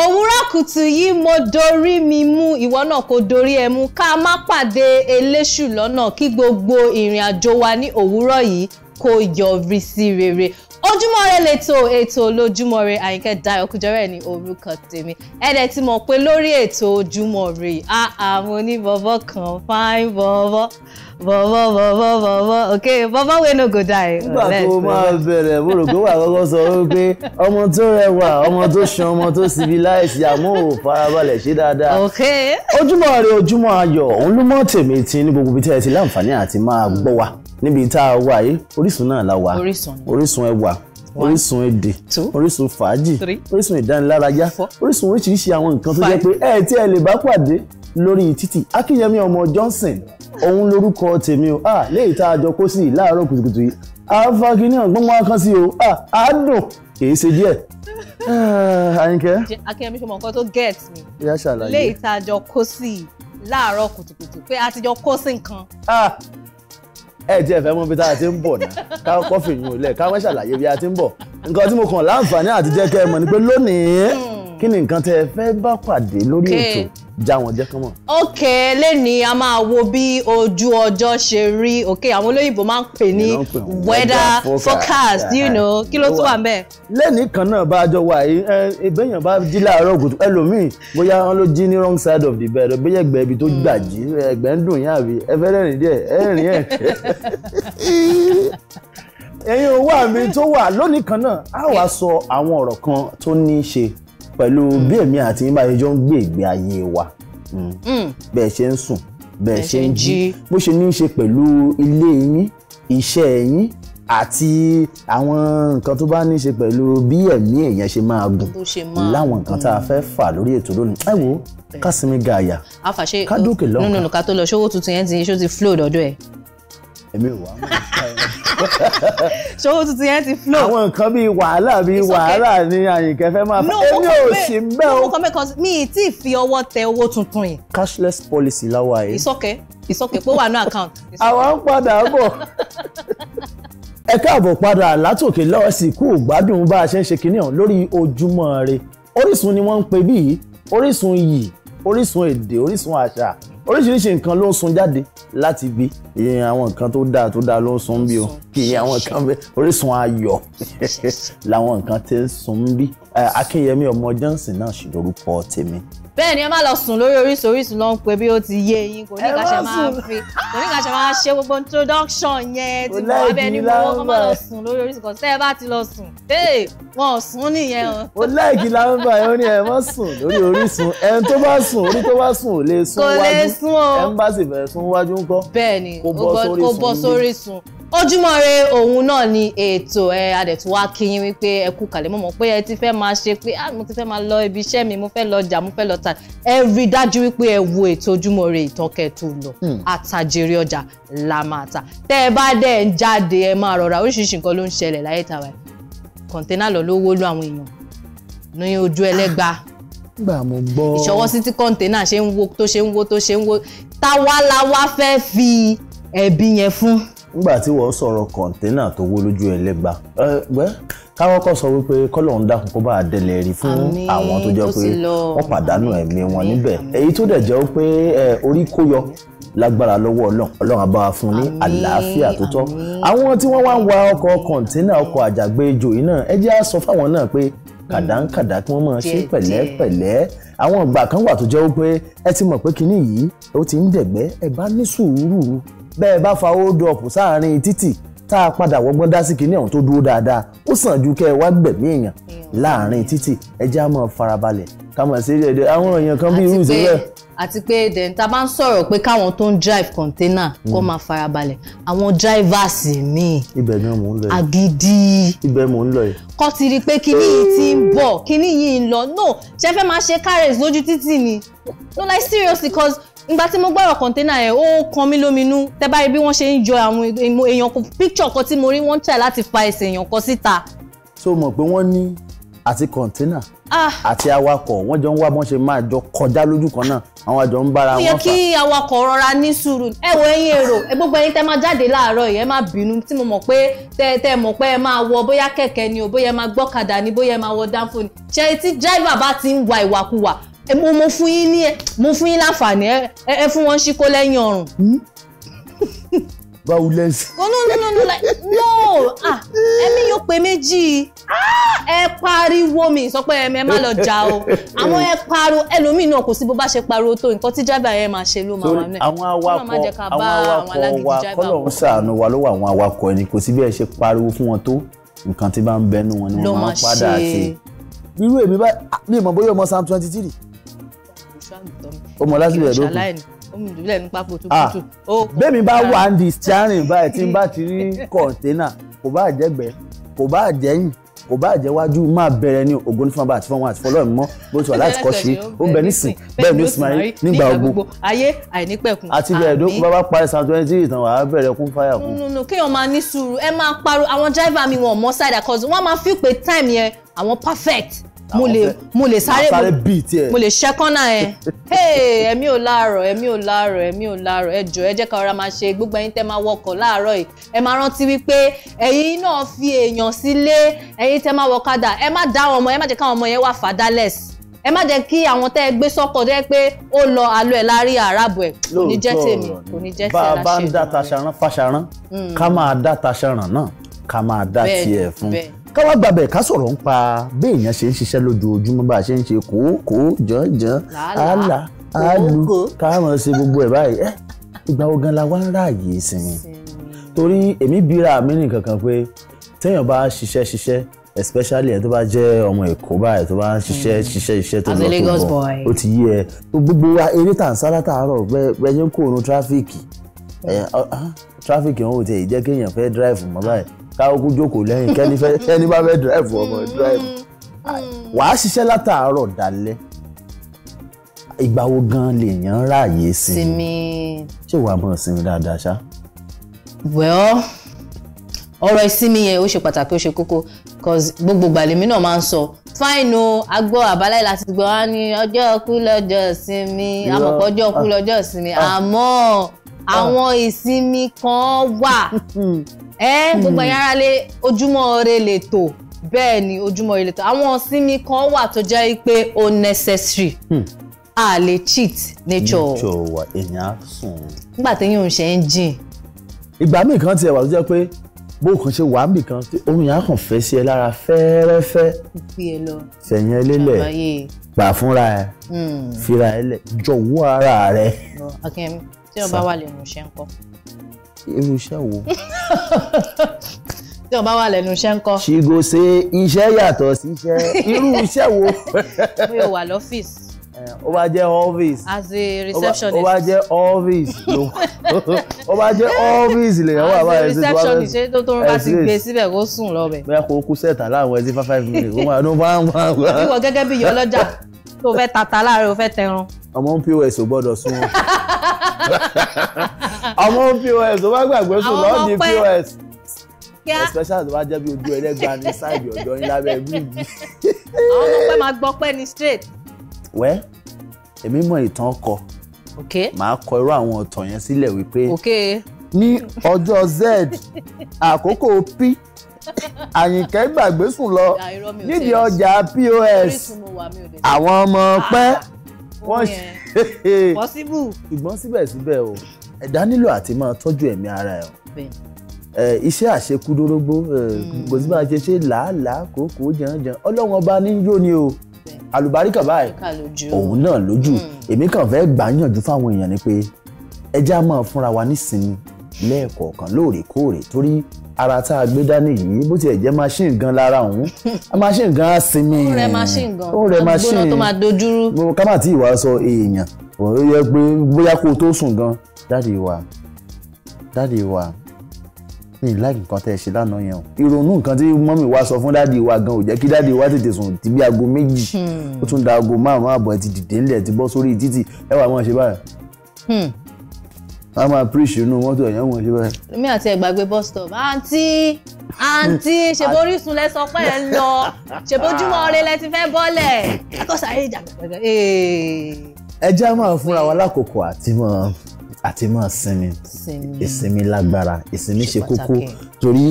òwúrọ̀ kùtù yìí mo dorí mi mú ìwọ náà kò dorí ẹ mú ká má pàdé eléṣù lọ́nà kí gbogbo ìrìn àjò wa ní òwúrọ̀ yìí kó yọrí sí rere ojúmọ́ ire lẹ́tọ̀ ètò lójúmọ́ ire àyìnkẹ́ dayọ̀ kújọ́rẹ́ ní orúkọ tèmi ẹ̀dẹ̀ ti mọ̀ pé lórí ètò ojúmọ́ ire àmọ́ ní bọ́bọ́ kan fine bọ́bọ́ bọ́bọ́ bọ́bọ́ bọ́bọ́ ok bọ́bọ́ wey no go die. nígbà tó máa bẹ̀rẹ̀ mo rò pé wà á kọ́kọ́ sọ wípé ọmọ tó rẹwà ọmọ tó ṣan ọmọ tó civilize àmọ́ ò farabalẹ̀ ṣe dáadáa. ok ojúmọ́ ire ojúmọ́ ayọ̀ òun ló mọ́ tèmi ti ní gbogbo ibi tí ẹ ti láǹfààní àti máa gbọ́ wa níbi tá a wà yìí orísun náà la wà orísun ẹwà orísun èdè orísun fàájì orísun ìdánilárayá orísun oríṣiríṣi àwọn nǹkan tó jẹ́ pé ẹ tí ẹ lè bá pàdé lórí títì akínyẹmí ọmọ johnson òun lórúkọ tèmi o ah léyìí tá a jọ kó sí i láàárọ̀ kùtùkùtù yìí àfàgì ní ọgbọ́n wọn kan sí o ah àádùn kìí ṣe díẹ̀ ah, àyìnkẹ́. akínyẹmí ṣe mọ nǹkan tó get mi léyìí tá a jọ kó sí i láàárọ̀ kùtùkùtù pé a ti jọ kó sí nǹkan ẹ ti ẹ fẹ́ mọ̀ bí tá a ti ń bọ̀ náà ká kọ́fì yín ò lẹ̀ ká wọ́n ṣàlàyé bí a ti ń bọ̀ nǹkan tí mo kàn láǹfààní àti jẹ́ kẹ́ ẹ mọ̀ ni pé lónìí hmm. kí ni nǹkan tẹ́ ẹ fẹ́ bá pàdé lórí ètò já wọn jẹ́ kán mọ̀. ok lẹ́ni a máa wo bí ojú ọjọ́ ṣe rí ok àwọn olóyìnbó máa ń pè ní weather forecast you know kí ló tún wà ń bẹ̀. lẹ́ni kan náà bá a jọ wà yìí ìbéèyàn bá jí láàárọ̀ kùtù ẹlòmíì bóyá wọn ló jí ní wrong side of the bed bóyá ẹgbẹ́ ibi tó hmm. gbà jí ẹgbẹ́ ń dùn yín àbí ẹ fẹ́ rẹ́rìn díẹ̀ ẹ rìn ẹ̀ ẹ̀yin owó àmì tó wà lónìí kan náà a wá sọ àwọn ọ̀rọ̀ kan tó ní í ṣe pẹ̀lú hmm. bí èmi àti yín báyìí jọ ń gbé ìgbé ayé wa hmm. Hmm. bẹ́ẹ̀ ṣe ń sùn bẹ́ẹ̀ ṣe ń jí bó ṣe ní í ṣe pẹ̀lú ilé yín iṣẹ́ yín àti àwọn nǹkan tó bá ní í ṣe pẹ̀lú bí ẹ̀mí èèyàn ṣe máa gùn láwọn nǹkan tá a fẹ́ fà lórí ètò lónìí ẹ wo ká sinmi gààyà lọ́kàn. nínú nǹkan tó lọ ṣówó tuntun yẹn ti ṣó ti flow dọ́dọ̀ ẹ̀ èmi ò wá mọ̀ ṣòwò tuntun yẹn ti flow. àwọn nǹkan bíi wàhálà bíi wàhálà ni àyìnkẹ́ fẹ́ máa fà èmi ò sí bẹ́ẹ̀ o. mo kọ́ mi tí fi ọwọ́ tẹ owó tuntun yìí. cashless policy láwa yìí. ìsọkẹ ìsọkẹ pé wà ní account. àwa ń padà bọ̀ ẹ káàbọ̀ padà látòkè lọ́ọ̀sì kú gbádùn bá a ṣe ń ṣe kinní hàn lórí ojúmọ́ ire orísun ni wọ́n ń pè bíi orísun iyì orísun èdè orísun àṣà oríṣiríṣi nǹkan ló ń sun jáde láti ibi iye àwọn nǹkan tó dáa tó dáa ló ń sun bí o iye àwọn nǹkan bẹ orísun ayọ̀ làwọn nǹkan tí ń sun bí akínyẹmí ọmọ johnson náà sì lórúkọ tèmi bẹ́ẹ̀ ni ẹ má lọ sùn lórí Orísun ló ń pè bí ó ti yé yín kò ní kàṣẹ máa fi kò ní kàṣẹ máa ṣe gbogbo introduction yẹn ti mọ abẹ ní gbogbo kọ́ lọ sùn lórí Orísun kan tẹ́ ẹ bá ti lọ sùn wọn ò sùn nìyẹn o. o láìkí lámbà yóò ní ẹ má sùn lórí Orísun ẹni tó bá sùn orí tó bá sùn ò lè sún wájú kò lè bá sì fẹ́ sún wájú ńkọ́ bẹ́ẹ̀ ni kó bọ́ sórí sùn ojúmọ́ re òun náà ni ètò ẹ adẹ̀tún wá kíyìn wípé ẹ kú kàlẹ́ mọ̀ mọ̀ pé ẹ ti fẹ́ máa ṣe pé ah mo ti fẹ́ máa lọ ibi iṣẹ́ mi mo fẹ́ lọ jà mo fẹ́ lọ tà ẹ rí i dájú wípé ẹ wo ètò ojúmọ́ re ìtọ́kẹ́ lọ hmm. àtàjèrè ọjà la máa tà tẹ́ ẹ bá dẹ̀ ń jáde ẹ máa rọra oríṣiríṣi nǹkan ló ń ṣẹlẹ̀ láyé tàwa ẹ̀ kọ̀ǹténà lọ ló wó lu àwọn èèyàn ní ojú ẹlẹ́gba ah, ìṣọwọ́sí tí kọ̀ǹténà ṣe ń wó tó ṣe ń wó tó ṣe ń wó táwa la wá fẹ́ fi ẹbí yẹn fún. nígbà tí wọ́n sọ̀rọ̀ kọ̀ǹtẹ́nà tó wó lójú ẹlẹ́gba káwọn kọ sọ wípé kọlọ́run dákun kó bá a dẹlẹ̀ rí fún àwọn tó jẹ́ pé wọ́n pàdánù ẹ̀mí wọn níbẹ̀ èyí tó dẹ̀ jẹ́ pé orí kó yọ lágbára lọ́wọ́ ọlọ́run ọlọ́run á bá wa fún ní àlàáfíà tó tọ́ àwọn tí wọ́n wá ń wa ọkọ̀ kọ̀ǹtẹ́nà ọkọ̀ àjàgbéjò yìí náà ẹ jẹ́ á sọ fáwọn náà pé kàdánkàdá kí wọ́n máa ṣe mm, pẹ̀lẹ́pẹ̀lẹ́ àwọn ìgbà kan wà tó jẹ́ pé ẹ ti mọ̀ pé kinní yìí ó ti ń dẹ̀gbẹ́ ẹ bá ní sùúrù bẹ́ẹ̀ bá fa hold up sáàrin títì tá a padà wọ́gbọ́n dá sí kinní ọ̀hún tó dúró dáadáa ó sàn ju kẹ́ ẹ wá gbẹ̀mí èèyàn láàrin títì ẹjẹ́ máa farabalẹ̀ ká máa ṣe é àwọn èèyàn kan bí irú ìṣẹ́lẹ̀. àti pé then tá bá ń sọ̀rọ̀ pé káwọn tó ń drive container kó hmm. máa farabalẹ̀ àwọn drivers míì ibẹ̀ ni mò ń lọ yìí agídí ibẹ̀ mò ń lọ yìí. kọ́ ti rí i pé kinní yìí ti ń bọ̀ kinní yìí ń lọ no ṣe fẹ́ máa ṣe carriage lójú títì ni no like seriously cause ìgbà tí mo gbọ́rọ̀ kọ̀ńténà yẹn ó kan mí lóminú tẹ́ bá rí bí wọ́n ṣe ń yọ àwọn èèyàn kan píkṣọ̀ kan tí mo rí wọ́n ń láti fa ẹsẹ̀ èèyàn kan síta. so mọ̀ pé wọ́n ní àti kọ̀ńténà ah! àti awakọ̀ wọ́n jọ ń wá bọ́n ṣe máa jọ kọjá lójú kan náà àwọn àjọ ń bára wọn fà. ó yẹ kí awakọ̀ rọra ní sùúrù ẹ wo ẹ̀yin èrò ẹ gbogbo ẹ̀yin tẹ́ máa jáde láàárọ̀ yìí ẹ má bínú tí mo mọ̀ pé tẹ́ tẹ́ mọ̀ pé ẹ máa wọ bóyá kẹ̀kẹ́ ni o bóyá ẹ máa gbọ́kadà ni bóyá ẹ máa wọ dáńfò ni ṣe tí dráìvà bá ti ń wa ìwàkuwà mo mo fún yín ní mo fún yín láǹfààní ẹ ẹ fún wọn ṣíkó lẹ́yìn ọrùn. violence. no no no no like no ah ẹ̀mí yóò pé méjì ẹ pariwo mi sọ pé ẹ má lọ jà o àwọn ẹ pariwo ẹlòmíì náà kò sí bó bá ṣe pariwo tó nǹkan tí jábà yẹn máa ṣe ló máa wà mẹ. àwọn awakọ̀ àwọn awakọ̀ wa kọ́lọ̀ ń ṣàánú wa lọ́wọ́ àwọn awakọ̀ ẹni kò sí bí ẹ ṣe pariwo fún wọn tó nǹkan tí bá ń bẹnu wọn ni wọ́n máa padà ṣe. irú èmi bá mi ò bóyá ọmọ sam twenty three ọmọ láti ilẹ̀ lókun ọmọdébílẹ̀ ní pápó ah, tukutu. bẹ́ẹ̀ni bá ah. wà ní steering báyìí tí n bá ti rí kọ̀ǹténà kò bá jẹ́gbẹ́ kò bá jẹ́yìn kò bá jẹ́ wájú máa bẹ̀rẹ̀ ní ògo ní fúnbà àti fúnwọn àti fọlọ́ọ̀ mọ́ bó ti wà láti kọ́ ṣe ó ń bẹ nísìn bẹ́ẹ̀ ni ó sì máa rí nígbà gbogbo ayé àìnípẹ̀kun àti bẹ́ẹ̀ ló kún bábá parí san twenty three ìtàn wàá bẹ̀rẹ̀ kún fáyà kún. nùnùnù kéèyàn máa ní sùúrù ẹ máa parọ́ àwọn driver mi wọn mọ side cause wọn máa fi pé time yẹn àwọn perfect mo lè mo lè sáré mo lè ṣẹ́kọ́nà ẹ̀ ẹ̀mí ò láàárọ̀ ẹ̀mí ò láàárọ̀ ẹ̀mí ò láàárọ̀ ẹ jọ̀ọ́ ẹ jẹ́ ká ọ̀rá máa ṣe gbogbo ẹ̀yin tẹ́ máa wọkọ̀ láàárọ̀ yìí ẹ máa rántí wípé ẹ̀yin náà fi èèyàn sílé ẹ̀yin tẹ́ máa wọ̀kadà ẹ má dá ọmọ ẹ má jẹ́ káwọn ọmọ yẹn wà fàdálẹ̀s ẹ má jẹ́ kí àwọn tẹ́ ẹ gbé sọ́kọ̀ tó yẹ pé ó lọ àlọ́ ẹ̀ lárí àràbọ̀ ẹ̀ kò ní jẹ́ tèmi kò ní jẹ́ sí bá a bá ń dá taṣaran fàṣaran hmm. ká máa dá taṣaran náà ká máa dá tiẹ̀ fún káwá gbàbẹ̀ ká sọ̀rọ̀ ń pa béèyàn ṣe ń ṣiṣẹ́ lójoojúmọ́ bá a ṣe ń ṣe kòókò jọ̀ọ́jọ̀ọ́ àlà àlù káwọn ṣe gbogbo ẹ̀ báyìí ẹ́ ìgbà wo gan la wá ń ráàyè ìsinmi torí èmi bíra mi nìkan kan pé téèyàn bá ṣiṣẹ́ ṣiṣẹ́ especially ẹ tó bá jẹ́ ọmọ Èkó báyìí tó bá ń ṣiṣẹ́ hmm. ṣiṣẹ́ iṣẹ́ tó lọ tó bọ̀ ó ti yí ẹ gbogbo wa eré tà ń sá látàárọ̀ bẹ́ẹ̀ hmm. yẹn kò nu tráfíkì tráfíkì káwọ́kú jókòó lẹ́yìn kẹ́ni fẹ́ kẹ́ni bá fẹ́ dráìfù ọmọ hmm, dráìfù hmm. wàá ṣiṣẹ́ látàárọ̀ dalẹ́ ìgbà wo gan lèèyàn ráàyè sinmi ṣé wàá mọ̀ sinmi dáadáa ṣá. well ọ̀rọ̀ ìsinmi yẹn ó ṣe pàtàkì ó ṣe kókó cause gbogbo gbàlèmí náà máa ń sọ fine o agbọ́ àbáláyé láti gbọ́ á ní ọjọ́ kú lọ́jọ́ sinmi àmọ̀pọ̀ ọjọ́ kú lọ́jọ́ sinmi ah. àmọ́ ah. àwọn ìsinmi kan wà ẹ hmm. gbogbo ẹ̀yin ará lé ojúmọ́ ire lè tò bẹ́ẹ̀ ni ojúmọ́ ire lè tò àwọn ìsinmi kan wà tó jẹ́ pé o necessary hmm. a lè cheat nature. nature wa èèyàn á sùn. nígbà téèyàn ń ṣe ń jìn. ìgbà míì kan tiẹ̀ wà tó jẹ́ pé bó kàn ṣe wà níbì kan ohun yẹn á kàn fẹ́ sí ẹ lára fẹ́ẹ́rẹ́fẹ́ fẹ̀yìn ẹ lélẹ̀ gbà fúnra ẹ hmm. fira ẹ jọ̀wọ́ ara rẹ. akínyẹmí tí ọba wà lè mú ṣe ń kọ́ irú iṣẹ́ wo. tí o bá wà lẹ́nu iṣẹ́ ńkọ́. ṣìgò ṣe iṣẹ́ yàtọ̀ sí iṣẹ́ irú iṣẹ́ wo. mi ò wà lọ́fíìsì eh, ó bá jẹ́ office. as a receptionist. ó bá jẹ́ office ló ó bá jẹ́ office lè yàn wà báyìí. as a receptionist ṣé tó tó ń bá ti gbé síbẹ̀ kó sùn lọ bẹ̀. bẹ́ẹ̀ kó kú sẹ́ẹ̀tà láwọn ẹtí five five minutes ó máa dún bá ń bá ń bá. ìwọ gẹ́gẹ́ bí ìyá ọlọ́jà tó fẹ́ tata láàárọ̀ fẹ́ tẹran. ọmọ ń pos ò gbọ́dọ̀ sún wọn. ọmọ ń pos ó bá gbàgbé sùn lọ́ọ́ di pos especially tó bá jẹ́ bí ojú ẹlẹ́gba ní sáìdì ọ̀dọ́ yín lábẹ́ bíríìjì. àwọn ọmọ pẹ́ máa gbọ́ pẹ́ ni straight. wẹ́ èmi mọ ìtàn kọ màá kọ irú àwọn ọ̀tọ̀ yẹn sílẹ̀ wípé ní ọjọ́ z àkókò p àyìnkẹ́ gbàgbé sùn lọ ah, nídìí ọjà pos àwọn ọmọ ah, pẹ́ ah, wọ́n ṣe ṣùgbọ́n síbẹ̀síbẹ̀ o ẹ̀dá nílò àti máa tọ́jú ẹ̀mí ara ẹ̀ ẹ iṣẹ́ àṣekúdórógbó hmm. kò sí máa ṣe ṣe làálàá kòókò jàǹjàǹ ọlọ́run ọba ní yó ni o àlùbáríkà báyìí òun náà lójú hmm. èmi kàn fẹ́ gbàyànjú fáwọn èèyàn ni pé ẹ já máa fúnra wa nísinmi lẹ́ẹ̀kọ̀ọ̀kan lóòrèkóòrè torí ara tá a gbé dání yìí bó tiẹ̀ jẹ́ machine gan lára òun machine gan á sinmi ó rẹ machine gan ó rẹ machine gbóná tó máa dojúrú. mo ká má tí ìwà sọ èèyàn ó yẹ pé bóyá kó o tó sùn gan dáàdi wa dáàdi wa mi láì nǹkan tẹ́ ẹ ṣe lánàá yẹn o ìrònú nǹkan tí mọ́mì wa sọ fún dáàdi wa gan ò jẹ́ kí dáàdi wa tètè sùn ti bí aago méjì hmm. ó tún da aago márùn-ún àbọ̀ ẹ ti dìde ńlẹ̀ ti bọ́ sórí títì ẹ wà mọ́ ṣe báyìí hmm a máa píríṣì inú mọ́tò ẹ̀yàn wọn ṣe bẹ́ẹ̀. èmi àti ẹ̀gbàgbé bus stop àǹtí àǹtí ṣèbó orísun lẹ sọ pé ẹ ń lọ ṣèbójúmọ́ ọ̀rẹ́ lẹ ti fẹ́ bọ́lẹ̀ akọ́sàárẹ̀ ìjà pẹ̀pẹ̀. ẹ já máa fúnra wa lákòókò àti máa àti máa sinmi ìsinmi lágbára ìsinmi ṣe kókó torí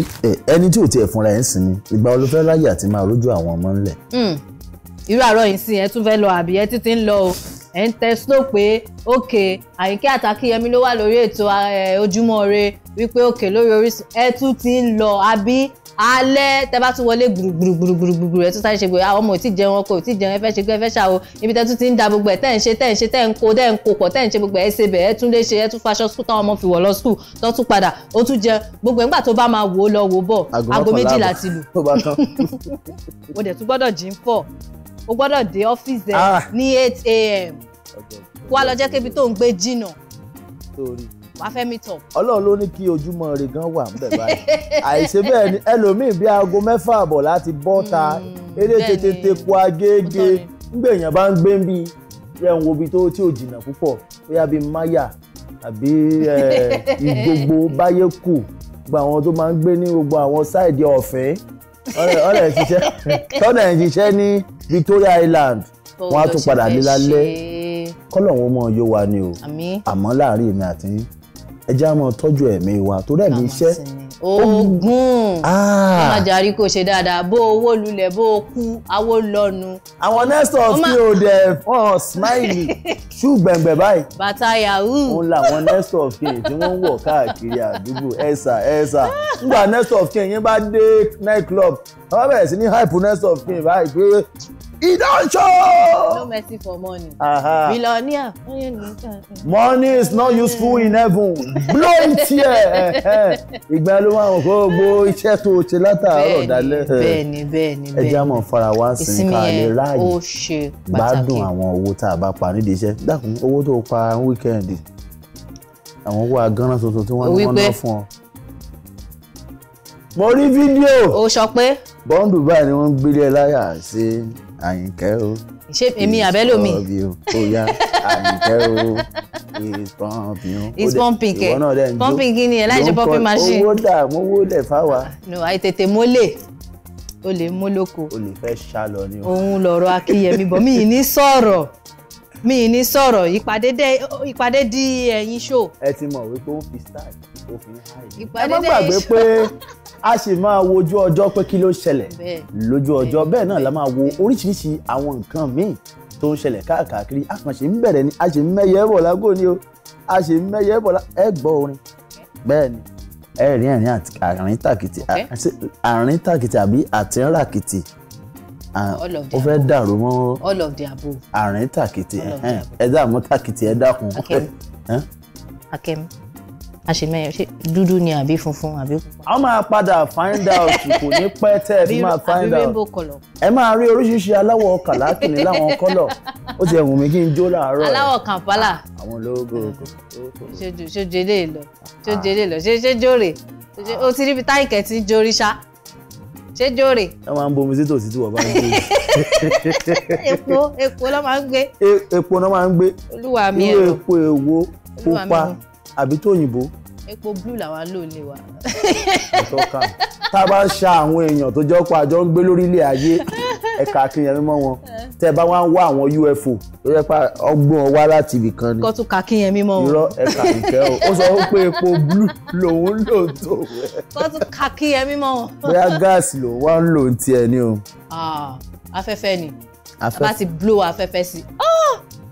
ẹni tí ò tiẹ̀ fúnra ẹ̀ ń sinmi ìgbà wo ló fẹ́ láyè àti máa rójú àwọn ọmọ ńlẹ̀. Hmm. irú àárọ̀ yìí sí ẹ tún fẹ́ lọ àbí ẹ títí ń lọ o ẹ̀ ń tẹ slow pé ok àyíké àtàkìyẹmí ló wà lórí ètò eh, ojúmọ́ ire wípé ok lórí Orísun ẹ tún ti ń lọ àbí alẹ́ tẹ bá tún wọlé gbùrùgbùrùgbùrùgbùrù ẹ tún sáré ṣe gbé àwọn ah, ọmọ ò tí jẹun ọkọ ò tí jẹun ẹ ṣe gbé ẹ fẹ́ ibi tẹ tún ti ń da gbogbo ẹ tẹ ń ṣe tẹ ń ṣe tẹ ń kó tẹ ń kó pọ̀ tẹ ń ṣe gbogbo ẹ ṣe bẹ̀ ẹ tún lè ṣe ẹ tún faṣọ skul táwọn ọmọ fi wọ̀ lọ skul tó tún padà ó tún jẹ gbogbo ẹgbà tó bá máa wò ó lọ wò ó bọ̀ aago méjì láti lù mo dẹ̀ jí ń fọ̀ o gbọ́dọ̀ dé ọ́fíìsì ẹ ah. ní eight a.m wá lọ jẹ́ kébi tó ń gbé jìnnà wàá fẹ́ meet up. ọlọ́run ló ní kí ojúmọ́ rẹ̀ gan wà níbẹ̀ báyìí àìṣe bẹ́ẹ̀ ni ẹlòmíì bíi aago mẹ́fà àbọ̀ láti bọ́ ta hmm, eré tètè teku agége nígbà èèyàn bá ń gbé ń bí rẹ̀ ń wo ibi tó tí ò jìnnà púpọ̀ bóyá bíi máyà àbí ìgbogbo báyé kù gba àwọn tó máa ń gbé ní gbogbo àwọn sáìdì ọ̀fẹ́ ọ̀rẹ́ ẹ̀ ṣiṣẹ́ ní Victoria Island wọ́n á tún padà dé lálẹ́ kọ́lọ̀hún ó mọ yó wa ni o àmọ́ láàrin èmi àti yín ẹ jẹ́ á máa tọ́jú ẹ̀mí wa torí ẹ̀mí iṣẹ́ ogun ọmọjàrí ah. kò ṣe dáadáa bó owó lulẹ̀ bó o kú awó lọ́nu. àwọn next of kí o dẹ̀ fọ́n smiley ṣú gbẹ̀ngbẹ̀ báyìí. bàtà yahoo. òun làwọn next of kin tí wọ́n ń wọ̀ káàkiri àdúgbò ẹ̀sà ẹ̀sà nígbà next of kin yẹn bá dé night club wọ́n bẹ̀rẹ̀ sí ní hype next of kin báyìí pé ìdánṣọ́ petty for money. Uh-huh. Millionaire. Money is not useful in heaven. Blow it here. Ìgbà ló máa ń kó gbó iṣẹ́ tó o ṣe látàárọ̀ dálẹ́. Bẹ́ẹ̀ni bẹ́ẹ̀ni bẹ́ẹ̀ni. Ẹ jẹ́ àmọ̀ fara wá sí ká lè ráàyè. Ó ṣe pàtàkì. Gbádùn àwọn owó tá a bá pa nídìí iṣẹ́. Dákun owó tó o pa wíkẹ́ndì. Àwọn owó agánná tuntun tí wọ́n ní wọ́n ná fún ọ. Mo rí fídíò. O sọ pé. Bọ́ńdù báyìí ni wọ́n gbélé ẹ láyà sí Àyìnkẹ́ o ṣé èmi àbẹ́lòmí. oya àbíkẹ́ o is pumping. is pumping kẹ pumping kí ni ẹ láì ṣe pumping machine. owó dà mówó lẹ̀ fáwa. no àìtètè mólè o lè mú lóko. o lè fẹ́ ṣá lọ ni o. òun lọ̀rọ̀ akíyẹmí bọ̀ mí ì ní sọ̀rọ̀ mi ì ní sọ̀rọ̀ ìpàdé di ẹ̀yìn ṣó. ẹ ti mọ̀ wípé ó ń fi style ẹ má gbàgbé pé a sì máa wojú ọjọ́ pé kí ló ṣẹlẹ̀ lójú ọjọ́ bẹ́ẹ̀ náà la máa wo oríṣiríṣi àwọn nǹkan míì tó ń ṣẹlẹ̀ káàkiri a kàn ṣe ń bẹ̀rẹ̀ ni a ṣe ń mẹ́yẹ bọ̀ lágò ni o a ṣe ń mẹ́yẹ bọ̀ ẹ gbọ́ orin bẹ́ẹ̀ ni ẹ̀rín ẹ̀rín àárín tàkìtì àárín tàkìtì àbí àtìràkìtì ó fẹ́ dàrú mọ́ àárín tàkìtì ẹ̀dá mọ́ tàkìtì ẹ̀dá kun. Akem. Akem àṣemẹyẹ ṣe dúdú ni àbí funfun àbí pupa. a máa padà find out kò ní pẹ́ tẹ́ ẹ fi máa find out ẹ máa rí oríṣiríṣi aláwọ̀ kàlákìnní láwọn kọ́lọ̀ ó ti ẹ̀wùn mi kí n jó láàárọ̀ yìí. aláwọ̀ kàǹpálà. Ah, àwọn ológo ogo. ṣojú ṣojú eléyìí lọ ṣojú eléyìí lọ ṣe ṣe jóore o ti ríbi táìkẹ̀ tí ń jórí ṣá ṣé jóore. ẹ máa ń bomi sí tòsí tí wọ́n bá ń gbé. epo epo ló máa ń gbé. E, epo ló máa ń gbé. olúwa mi ẹ̀ lọ irú epo èwo pupa àbí tó òyìnbó. epo blue làwa lò lè wa. ọ̀tọ̀ka tá a bá ń ṣa àwọn èèyàn tó jọ pa àjọ ń gbé lórí ilé ayé ẹ̀ka akínyẹn mímọ́ wọn tẹ́ ẹ bá wá ń wá àwọn UFO tó jẹ́ pa ọgbọ́n wá láti ibì kan ni. kọ́tù kakínyẹn mímọ́ wọn. irọ́ ẹ̀ka ìkẹ́ o ó sọ pé epo blue lòun lò tó. kọ́tù kakínyẹn mímọ́ wọn. bóyá gáàsì lòun wá ń lò ń tiẹ̀ ni o. afẹ́fẹ́ ni afẹ́fẹ́ bá ti blow afẹ́fẹ́ sí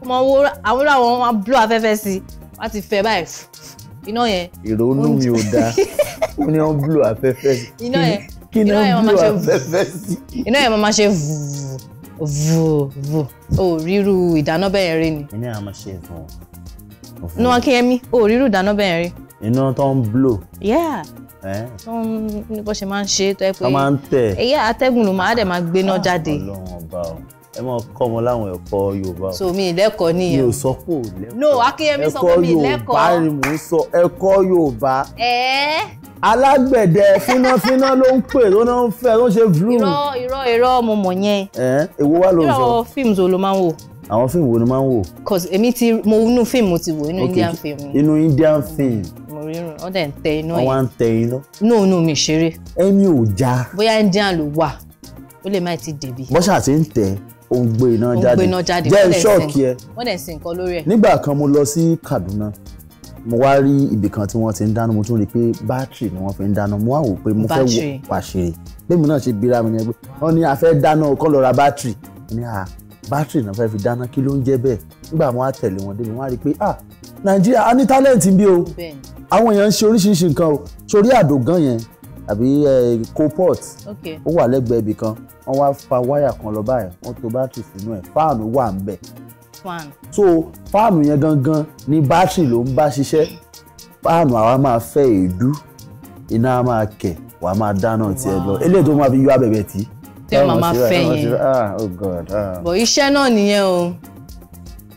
ọmọ wo àwọn ọmọ blow afẹ́fẹ́ sí wọ́n ti fẹ́ báyìí iná yẹn. ìrònú mi ò dáa ó ní wọn blu afẹ́fẹ́ sí iná yẹn kí ni wọn blu afẹ́fẹ́ sí. iná yẹn mo máa ṣe vùú vùú vùú o ríru ìdáná bẹ́ẹ̀ rí ni. iná yẹn a máa ṣe vùú. inú wọn kí ẹ mí o ríru ìdáná bẹ́ẹ̀ rí. iná tó ń blu. yeah tó ń bó ṣe máa ń ṣe tó ẹ pé. a máa ń tẹ̀. ẹyẹ atẹ́gùn ló máa dẹ̀ máa gbéná ah, jáde. ọlọ́run ọba o ẹ máa kọ́ ọmọ láwọn ẹ̀kọ́ yorùbá. so mi ìlẹ́kọ̀ọ́ nìyẹn. mi ò sọ pé ò lẹ́kọ̀ọ́. no akínyẹmí sọ pé mi ìlẹ́kọ̀ọ́. ẹ̀kọ́ yorùbá ni mò ń sọ ẹ̀kọ́ yorùbá. ẹ̀ẹ́. alágbẹ̀dẹ fínáfíná ló ń pè ló ń fẹ́ ló ń ṣe blue. irọ́ irọ́ irọ́ mo mọ̀ yẹn. ẹ̀ èwo wá ló ń sọ. irọ́ fíìmù wo ló máa ń wò àwọn fíìmù wo ni máa ń wò. cause èmi ti mo inú fíìmù mo ti wò inú indian film. inú indian film. mo rí irun ọ̀dẹ̀ ń tẹ iná yẹn. wọ́n wá ń no no mi ṣeré. ẹni ò já. bóyá indian ló wà ó lè má ti dèbí. bọ́sà ti ń tẹ̀ ó ń gbé iná jáde jẹ́ ṣọ́ọ̀kì ẹ nígbà kan mo lọ sí Kaduna mo wá rí ibì kan tí wọ́n ti ń dáná mo tún rí i pé bátìrì ni wọ́n fi ń dáná mo wá wò pé mo fẹ́ wò pàṣẹ bẹ́ẹ̀mi náà ṣe bíra mi ni ẹgbẹ́ wọ́n ní a fẹ́ dáná kọ́ lọ ra bátìrì ní à bátìrì náà fẹ́ fi dáná kí ló ń jẹ́ bẹ́ẹ̀ nígbà mo wá tẹ̀lé wọn débi wọ́n rí i pé ah Nàìjíríà a ní tálẹ̀ǹtì bí o àwọn èèyàn ń ṣe oríṣiríṣi nǹkan o sórí àdògán yẹn àbí copot ó wà lẹ́gbẹ̀ẹ́ ibì kan wọ́n wá fa wáyà kan lọ báyìí wọ́n tò bátìrì sínú ẹ̀ fáànù wà ń bẹ̀. so fáànù yẹn gangan ni bátìrì ló ń bá ṣiṣẹ́ fáànù àwa máa fẹ́ èédú iná á máa kẹ̀ wà á máa dáná tiẹ̀ lọ eléyìí tó máa fi yọ abẹ̀bẹ̀ tí. tẹ́ ẹ máa máa fẹ́ yẹn ah, oh ah. bọ̀ iṣẹ́ náà nìyẹn o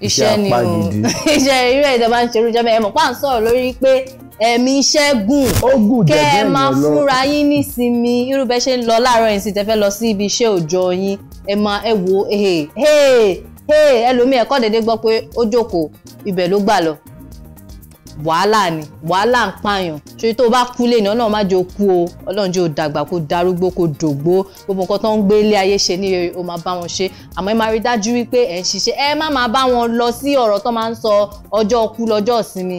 iṣẹ́ ni o iṣẹ́ irú ẹ̀ tó bá ń ṣerú jẹ́ bẹ́ẹ̀ mọ̀ pá à ń sọ̀rọ̀ lórí pé ẹ̀mí iṣẹ́ gùn kẹ́ ẹ máa fúnra yín nísinmi irú bẹ́ẹ̀ ṣe ń lọ láàárọ̀ yìí sì tẹ́ fẹ́ lọ sí ibi iṣẹ́ òòjọ́ yín ẹ máa ẹ wo eh, eh, eh, ẹlòmíì ẹ̀kọ́ dédé gbọ́ pé ó jókòó ibẹ̀ ló gbà lọ wàhálà ni wàhálà ń pààyàn ṣe tó bá kú lè ní ọlọ́run má jẹ́ okú o ọlọ́run jẹ́ òdàgbà kó darúgbó kó dògbó gbogbo nǹkan tó ń gbé ilé ayé ṣe ní o máa bá wọn ṣe àmọ́ ẹ máa rí dájú wípé ẹ̀ ń ṣiṣẹ́ ẹ má máa bá wọn lọ sí ọ̀rọ̀ tó máa ń sọ ọjọ́ okú lọ́jọ́ ìsinmi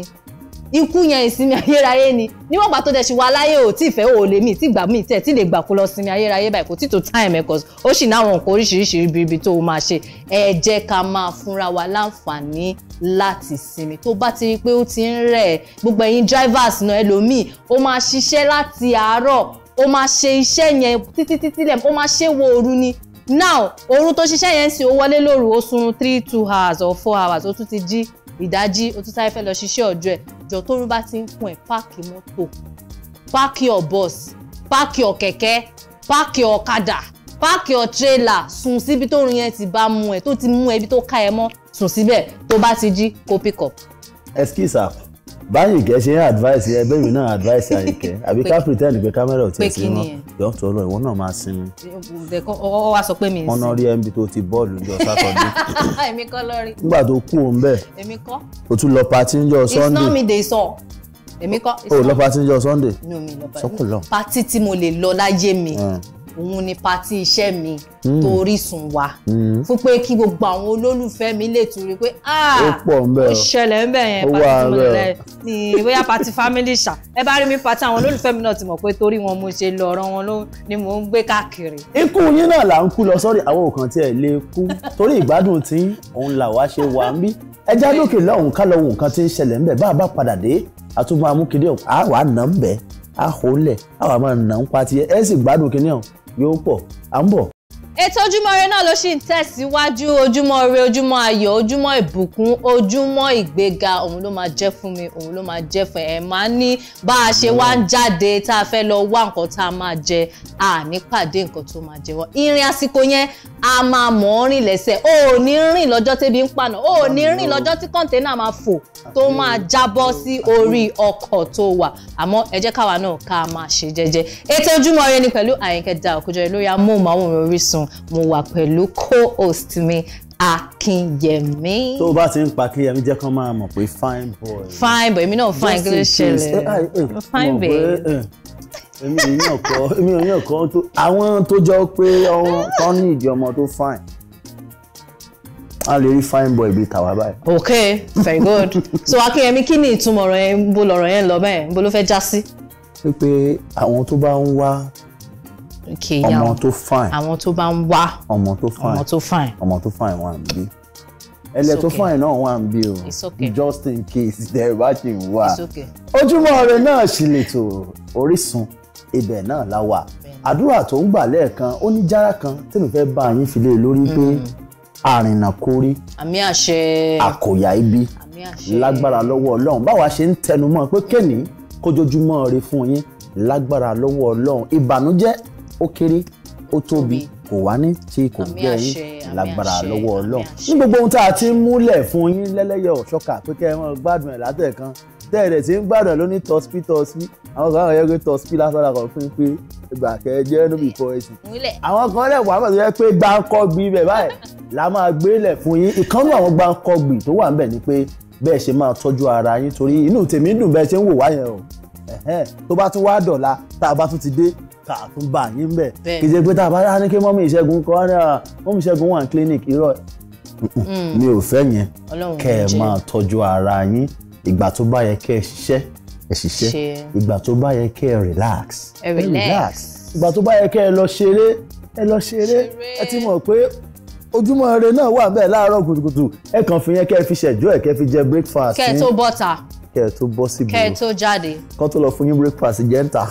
ikú yẹn ìsinmi ayérayé ni níwọ̀n gbà tó dẹ̀ ṣe wà láyé ò tí ìfẹ́ ò lè mí tí gbà mí tẹ̀ tí lè gbà kó lọ sinmi ayérayé báyìí kò tí tó time ẹ̀kọ́ ó sì náwọn nǹkan oríṣiríṣi ibi tó o máa ṣe ẹ jẹ́ ká máa fúnra wa láǹfààní láti sinmi tó bá ti rí pé ó ti ń rẹ̀ gbogbo ẹ̀yin drivers náà ẹlòmíì ó máa ṣiṣẹ́ láti àárọ̀ ó máa ṣe iṣẹ́ yẹn títí títí lẹ̀ ó máa ṣe wo òru ni now òru tó ṣiṣẹ́ yẹn sì ó wọlé lóru ó sun three two hours or four hours ó tún ti jí ìdájí o tún sáré fẹ́ lọ ṣiṣẹ́ ọjọ́ ẹ̀ jọ tóorun bá ti ń kun ẹ̀ páàkì mọ́tò páàkì ọ̀ bọ́ọ̀sì páàkì ọ̀ kẹ̀kẹ́ páàkì ọ̀kadà páàkì ọ̀ tírélà sùn síbi tóorun yẹn ti bá mú ẹ tó ti mú ẹ ibi tó ká ẹ mọ́ sùn síbẹ̀ tó bá ti jí kó pick up. excuse me báyìíkẹ́ ṣe ń advice ẹgbẹ́ mi náà advice àyíkẹ́ àbí ká pretend pé kámẹ́rà ò tiẹ̀ sí wọn yọ̀ọ́ tó lọ ìwọ náà máa sinmi. ọwọ́ wa sọ pé mi ń sin. ọ̀nà rí ẹnbi tó ti bọ́ọ̀lù ńjọ sátọ̀dé. èmi kọ́ lọ rí. nígbà tó kú òun bẹ́ẹ̀. èmi kọ́. o tún lọ patí ńjọ Sunday. it's not me dey sọ èmi kọ́. o lọ patí ńjọ Sunday. mi ò mi lọ patí tí mo lè lọ láyé mi òun ni patí iṣẹ́ mi hmm. tó Orísun wa hmm. fún pé kí gbogbo àwọn olólùfẹ́ mi lè tún rí pé ah, ó ṣẹlẹ̀ ń bẹ̀ yẹn patí mo lẹ̀ ní bóyá patí family ṣá ẹ bá rí mi patí àwọn olólùfẹ́ mi náà ti mọ̀ pé torí wọn mo ṣe lọ ọ̀rọ̀ wọn ló ni mò ń gbé káàkiri. ikú yín náà là ń kú lọ sọ́rí àwọn òkan tí ẹ lè kú torí ìgbádùn tí òun là wá ṣe wà ń bí ẹjá lókè lọ́hùn ká lọ́hùn nǹkan tí ń ṣẹlẹ̀ ńbẹ̀ bá a bá padà dé àtúmọ̀ amúkìdí ọ̀hún àwa nà ń bẹ̀ àhólẹ̀ àwa máa nà ń pa tiẹ̀ ẹ sì gbádùn kinní ọ̀hún yóò pọ̀ à ń bọ̀ ètò ojúmọ́ ire náà ló sì ń tẹ̀síwájú ojúmọ́ ire ojúmọ́ ayọ̀ ojúmọ́ ìbùkún ojúmọ́ ìgbéga òun ló máa jẹ́ fún mi òun ló máa jẹ́ fún ẹ máa ní bá a ṣe wá ń jáde tá a fẹ́ lọ wá nǹkan tá a máa jẹ a ní pàdé nǹkan tó máa jẹ wọ́n ìrìn àsìkò yẹn a máa mọ̀ ọ́ rìn lẹ́sẹ̀ o ò ní rìn lọ́jọ́ tẹ́bi ń pànà o ò ní rìn lọ́jọ́ tí kọ́ńténà máa fò tó máa jábọ́ sí orí ọkọ̀ tó wà àmọ́ ẹ káwa náà ká máa ṣe jẹ́jẹ́ ètò ojúmọ́ ire ni pẹ̀lú Àyìnkẹ́ Dayo Kujore lórí amóhùnmáwòrán Orísun mo wà pẹ̀lú co-host mi Akínyẹmí. tó o bá ti ń pa Akínyẹmí jẹ́ kán máa mọ̀ pé fine boy. fine boy èmi náà fine kí ló ṣẹlẹ̀ eh, ah, eh, fine babe eh, èmi ò yàn kọ́ èmi ò yàn kọ́ tó àwọn tó jọ pé wọ́n ní ìdí ọmọ tó fine a lè rí fine boy bíi tàwa báyìí. ok very good so Akínyẹmí kí ni ìtumọ̀ ọ̀rọ̀ yẹn ń bo lọ̀rọ̀ yẹn lọ bẹ́ẹ̀ ń bo ló fẹ́ já sí. pé àwọn tó bá ń wá Okay. ọmọ tó fine àwọn tó bá ń wá ọmọ tó fine ọmọ tó fine ọmọ tó fine wà ń bí ẹlẹ tó fine náà wà ń bí o just in case dẹrù bá ṣì ń wá ojúmọ́ ire náà ṣì lè tò Orísun ibẹ̀ náà la wà àdúrà tó ń gbà lẹ́ẹ̀kan ó ní jára kan tí mo fẹ́ bá yín fi lé lórí pé àrìnà mm-hmm. kórí àmì àṣẹ àkòyà ibi àmì àṣẹ lágbára lọ́wọ́ ọlọ́run báwa ṣe ń tẹnumọ́ pé kẹ́ni kójoojúmọ́ rẹ fún yín lágbára lọ́wọ́ ọlọ́run ìbànújẹ́ ó kéré ó tóbi kò wá ní tí kò gbẹ yín lágbára lọ́wọ́ Ọlọ́run ní gbogbo ohun tá a ti ń múlẹ̀ fún yín lẹ́lẹ́yẹ ọ̀ṣọ́kà pé kẹ́ ẹ wọn gbádùn ẹ̀ látẹ̀ kan tẹ́ẹ̀rẹ̀ tí ń gbádùn ẹ̀ ló ní tọ́sí tọ́sí àwọn kan yẹ pé tọ́sí lásánà kan fún pé ìgbà kẹjẹ ló bì fọ ẹsìn àwọn kan lẹ̀ wà mọ̀ tó yẹ pé gbáǹkọ́gbì bẹ̀ báyìí la máa gbélẹ̀ fún yín ìkànnì àwọn gbáǹkọ́gbì tó wà ńbẹ̀ ni pé bẹ́ẹ̀ ṣe máa tọ́jú ara yín torí inú tèmi dùn bẹ́ẹ̀ ṣe ń wò wá o tó bá tún wá dọ̀la tá a bá tún ti dé kà fún bà yín bẹ̀ kì í ṣe pé tá a bá dá ní kí mọ́mí ìṣẹ́gun kọ́ ọ́nà mọ́mí ìṣẹ́gun wà ní clinic irọ́ mm. mi ò fẹ́ yẹn kẹ́ ẹ máa tọ́jú ara yín ìgbà tó bá yẹ kẹ́ ẹ ṣiṣẹ́ ẹ ṣiṣẹ́ ìgbà tó bá yẹ kẹ́ ẹ relax relax ìgbà tó bá yẹ kẹ́ ẹ lọ ṣeré ẹ lọ ṣeré ẹ ti mọ̀ pé ojúmọ́ ire náà wà bẹ́ẹ̀ láàárọ̀ kùtùkùtù ẹ kàn fi yẹn kẹ́ ẹ fi ṣẹ̀jọ́ ẹ̀ kẹ́ fi jẹ breakfast. kẹ́ ẹ tó bọ́ta kẹ́ ẹ tó bọ́ sí ibùdó. kẹ́ ẹ tó jáde. kán tó lọ fún yín breakfast jẹ́ ń ta.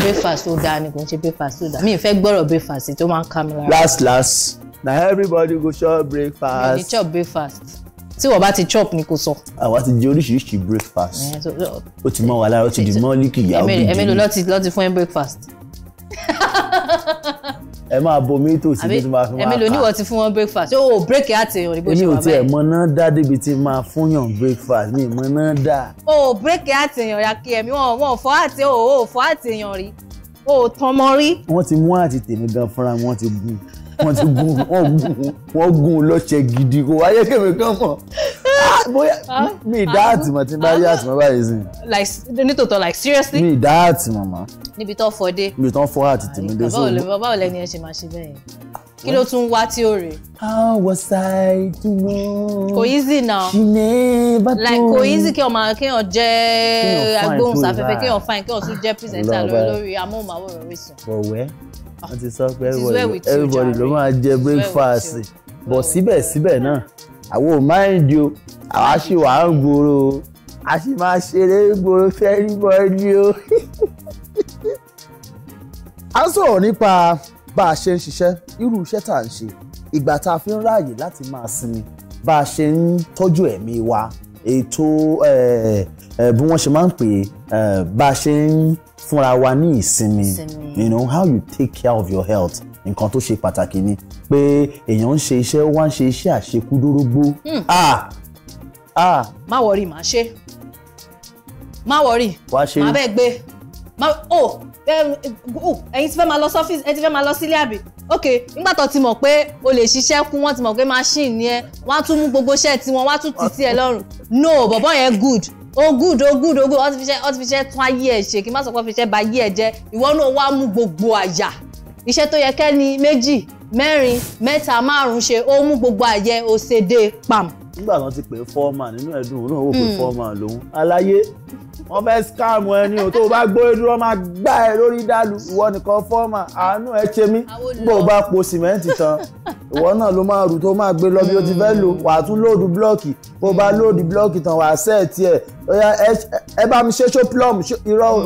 breakfast ó dáa ni kò ń ṣe breakfast ó dáa mi ì fẹ́ gbọ́rọ̀ breakfast tó máa ń ká mi lára. last last na everybody go chop breakfast. mi ò ní chop breakfast tí wọ́n bá ti chop ni kò sọ. àwa ti jẹ oríṣiríṣi breakfast eh, ó ti mọ́ wa lára ó ti di mọ́líkì ìyàwó bíi jù. ẹ̀mí ló lọ́ ti fún ẹ breakfast. ẹ máa bomi tòsí bí tí máa fi máa kà ẹ̀mí lóní wọ́n ti fún wọn breakfast ṣé o break àti èèyàn ní bó ṣe wà báyìí. èmi ò tiẹ̀ mọ náà dá débi tí máa fún yàn breakfast mi mọ náà dá. o break àti èèyàn ya kí ẹ̀mí wọn wọn fọ́ àti o ò fọ́ àti èèyàn rí o ò tán mọ́ rí. wọ́n ti mú àti tèmi gan fúnra wọn ti gún wọn ti gún wọn gún wọn gún lọ́sẹ̀ gidi kò wáyé kèmí kan mọ̀ Me ah, ah, mi ì dá ah, àtìmọ̀ tí n bá rí àtìmọ̀ báyìí sí. like nítòótọ́ like seriously. mi ì mama. àtìmọ̀ mọ́. níbi tó fọ dé. níbi tó fọ àti tèmi dé. bàbá ò lẹni ẹ ṣe máa ṣe bẹ́ẹ̀ kí ló tún wá tí ó rè. how was I to know. kò easy now. she never told me. like kò easy kí ọmọ kéèyàn jẹ́ agbóhùnsáfẹ́fẹ́ kéèyàn fine kéèyàn tún jẹ́ pírẹsẹ̀ntà lórí lórí amóhùnmáwòrán Orísun. ọ̀wẹ́ wọ́n ti sọ pé everybody ló máa jẹ breakfast bọ̀ síbẹ̀síbẹ̀ náà àwọn ò máìndì o àwa sì wà ń gbòòrò o a sì máa ṣeré gbòòrò fẹ́rí bọ́ọ̀dì o. a ń sọ̀rọ̀ nípa bá a ṣe ń ṣiṣẹ́ irú iṣẹ́ tá à ń ṣe ìgbà tá a fi ń ráàyè láti máa sinmi bá a ṣe ń tọ́jú ẹ̀mí wa ètò eh, eh, bí wọ́n ṣe máa ń pè é eh, bá a ṣe ń fúnra wa ní ìsinmi you know how you take care of your health nǹkan tó ṣe pàtàkì ni pé èèyàn ń ṣe iṣẹ́ ó wá ń ṣe iṣẹ́ àṣekúdórógbó. Hmm. má wọrí màá ṣe má wọrí màá bẹ́ẹ̀ gbé o ẹ̀yin ti fẹ́ máa lọ sọ́fíìsì ẹ ti fẹ́ máa lọ sílé àbí ok nígbà tó ti mọ̀ pé o lè ṣiṣẹ́ kún wọ́n ti mọ̀ pé machine ni ẹ wọ́n á tún mú gbogbo iṣẹ́ tiwọn wọ́n á tún tì ẹ lọ́rùn no bọ̀bọ̀ yẹn good o good o good o good ọ ti fi ṣe ọ ti fi ṣe tún ayé ẹ ṣe kí n má sọ pé fi ṣe ba ayé ẹ jẹ ìwọ náà wàá mú gbogbo àyà iṣẹ́ tó yẹ kẹ́ni méjì mẹ́rin mẹ́ta márùn-ún ṣe ó mú gbogbo àyẹ òṣèdè pam. nígbà tó ti pè é fọ́ọ̀mà nínú ẹ̀dùn òun náà wò pé hmm. fọ́ọ̀mà lòun aláyé wọ́n fẹ́ scam ẹni o tó o bá gbóyè dúró máa gbá ẹ lórí dàlú ìwọ nìkan fọ́ọ̀mà àánú ẹ ṣe mí bó o bá po sìmẹ́ǹtì tán ìwọ náà ló máa rù tó máa gbé lọ bí o ti fẹ́ lò hmm. wàá tún lóòdù blọ́ọ̀kì bó o bá hmm. lóòdù blọ́ọ̀kì tán wàá sẹ́ẹ̀tì ẹ̀ ẹ bá mi ṣe ṣó plọ́ọ̀mù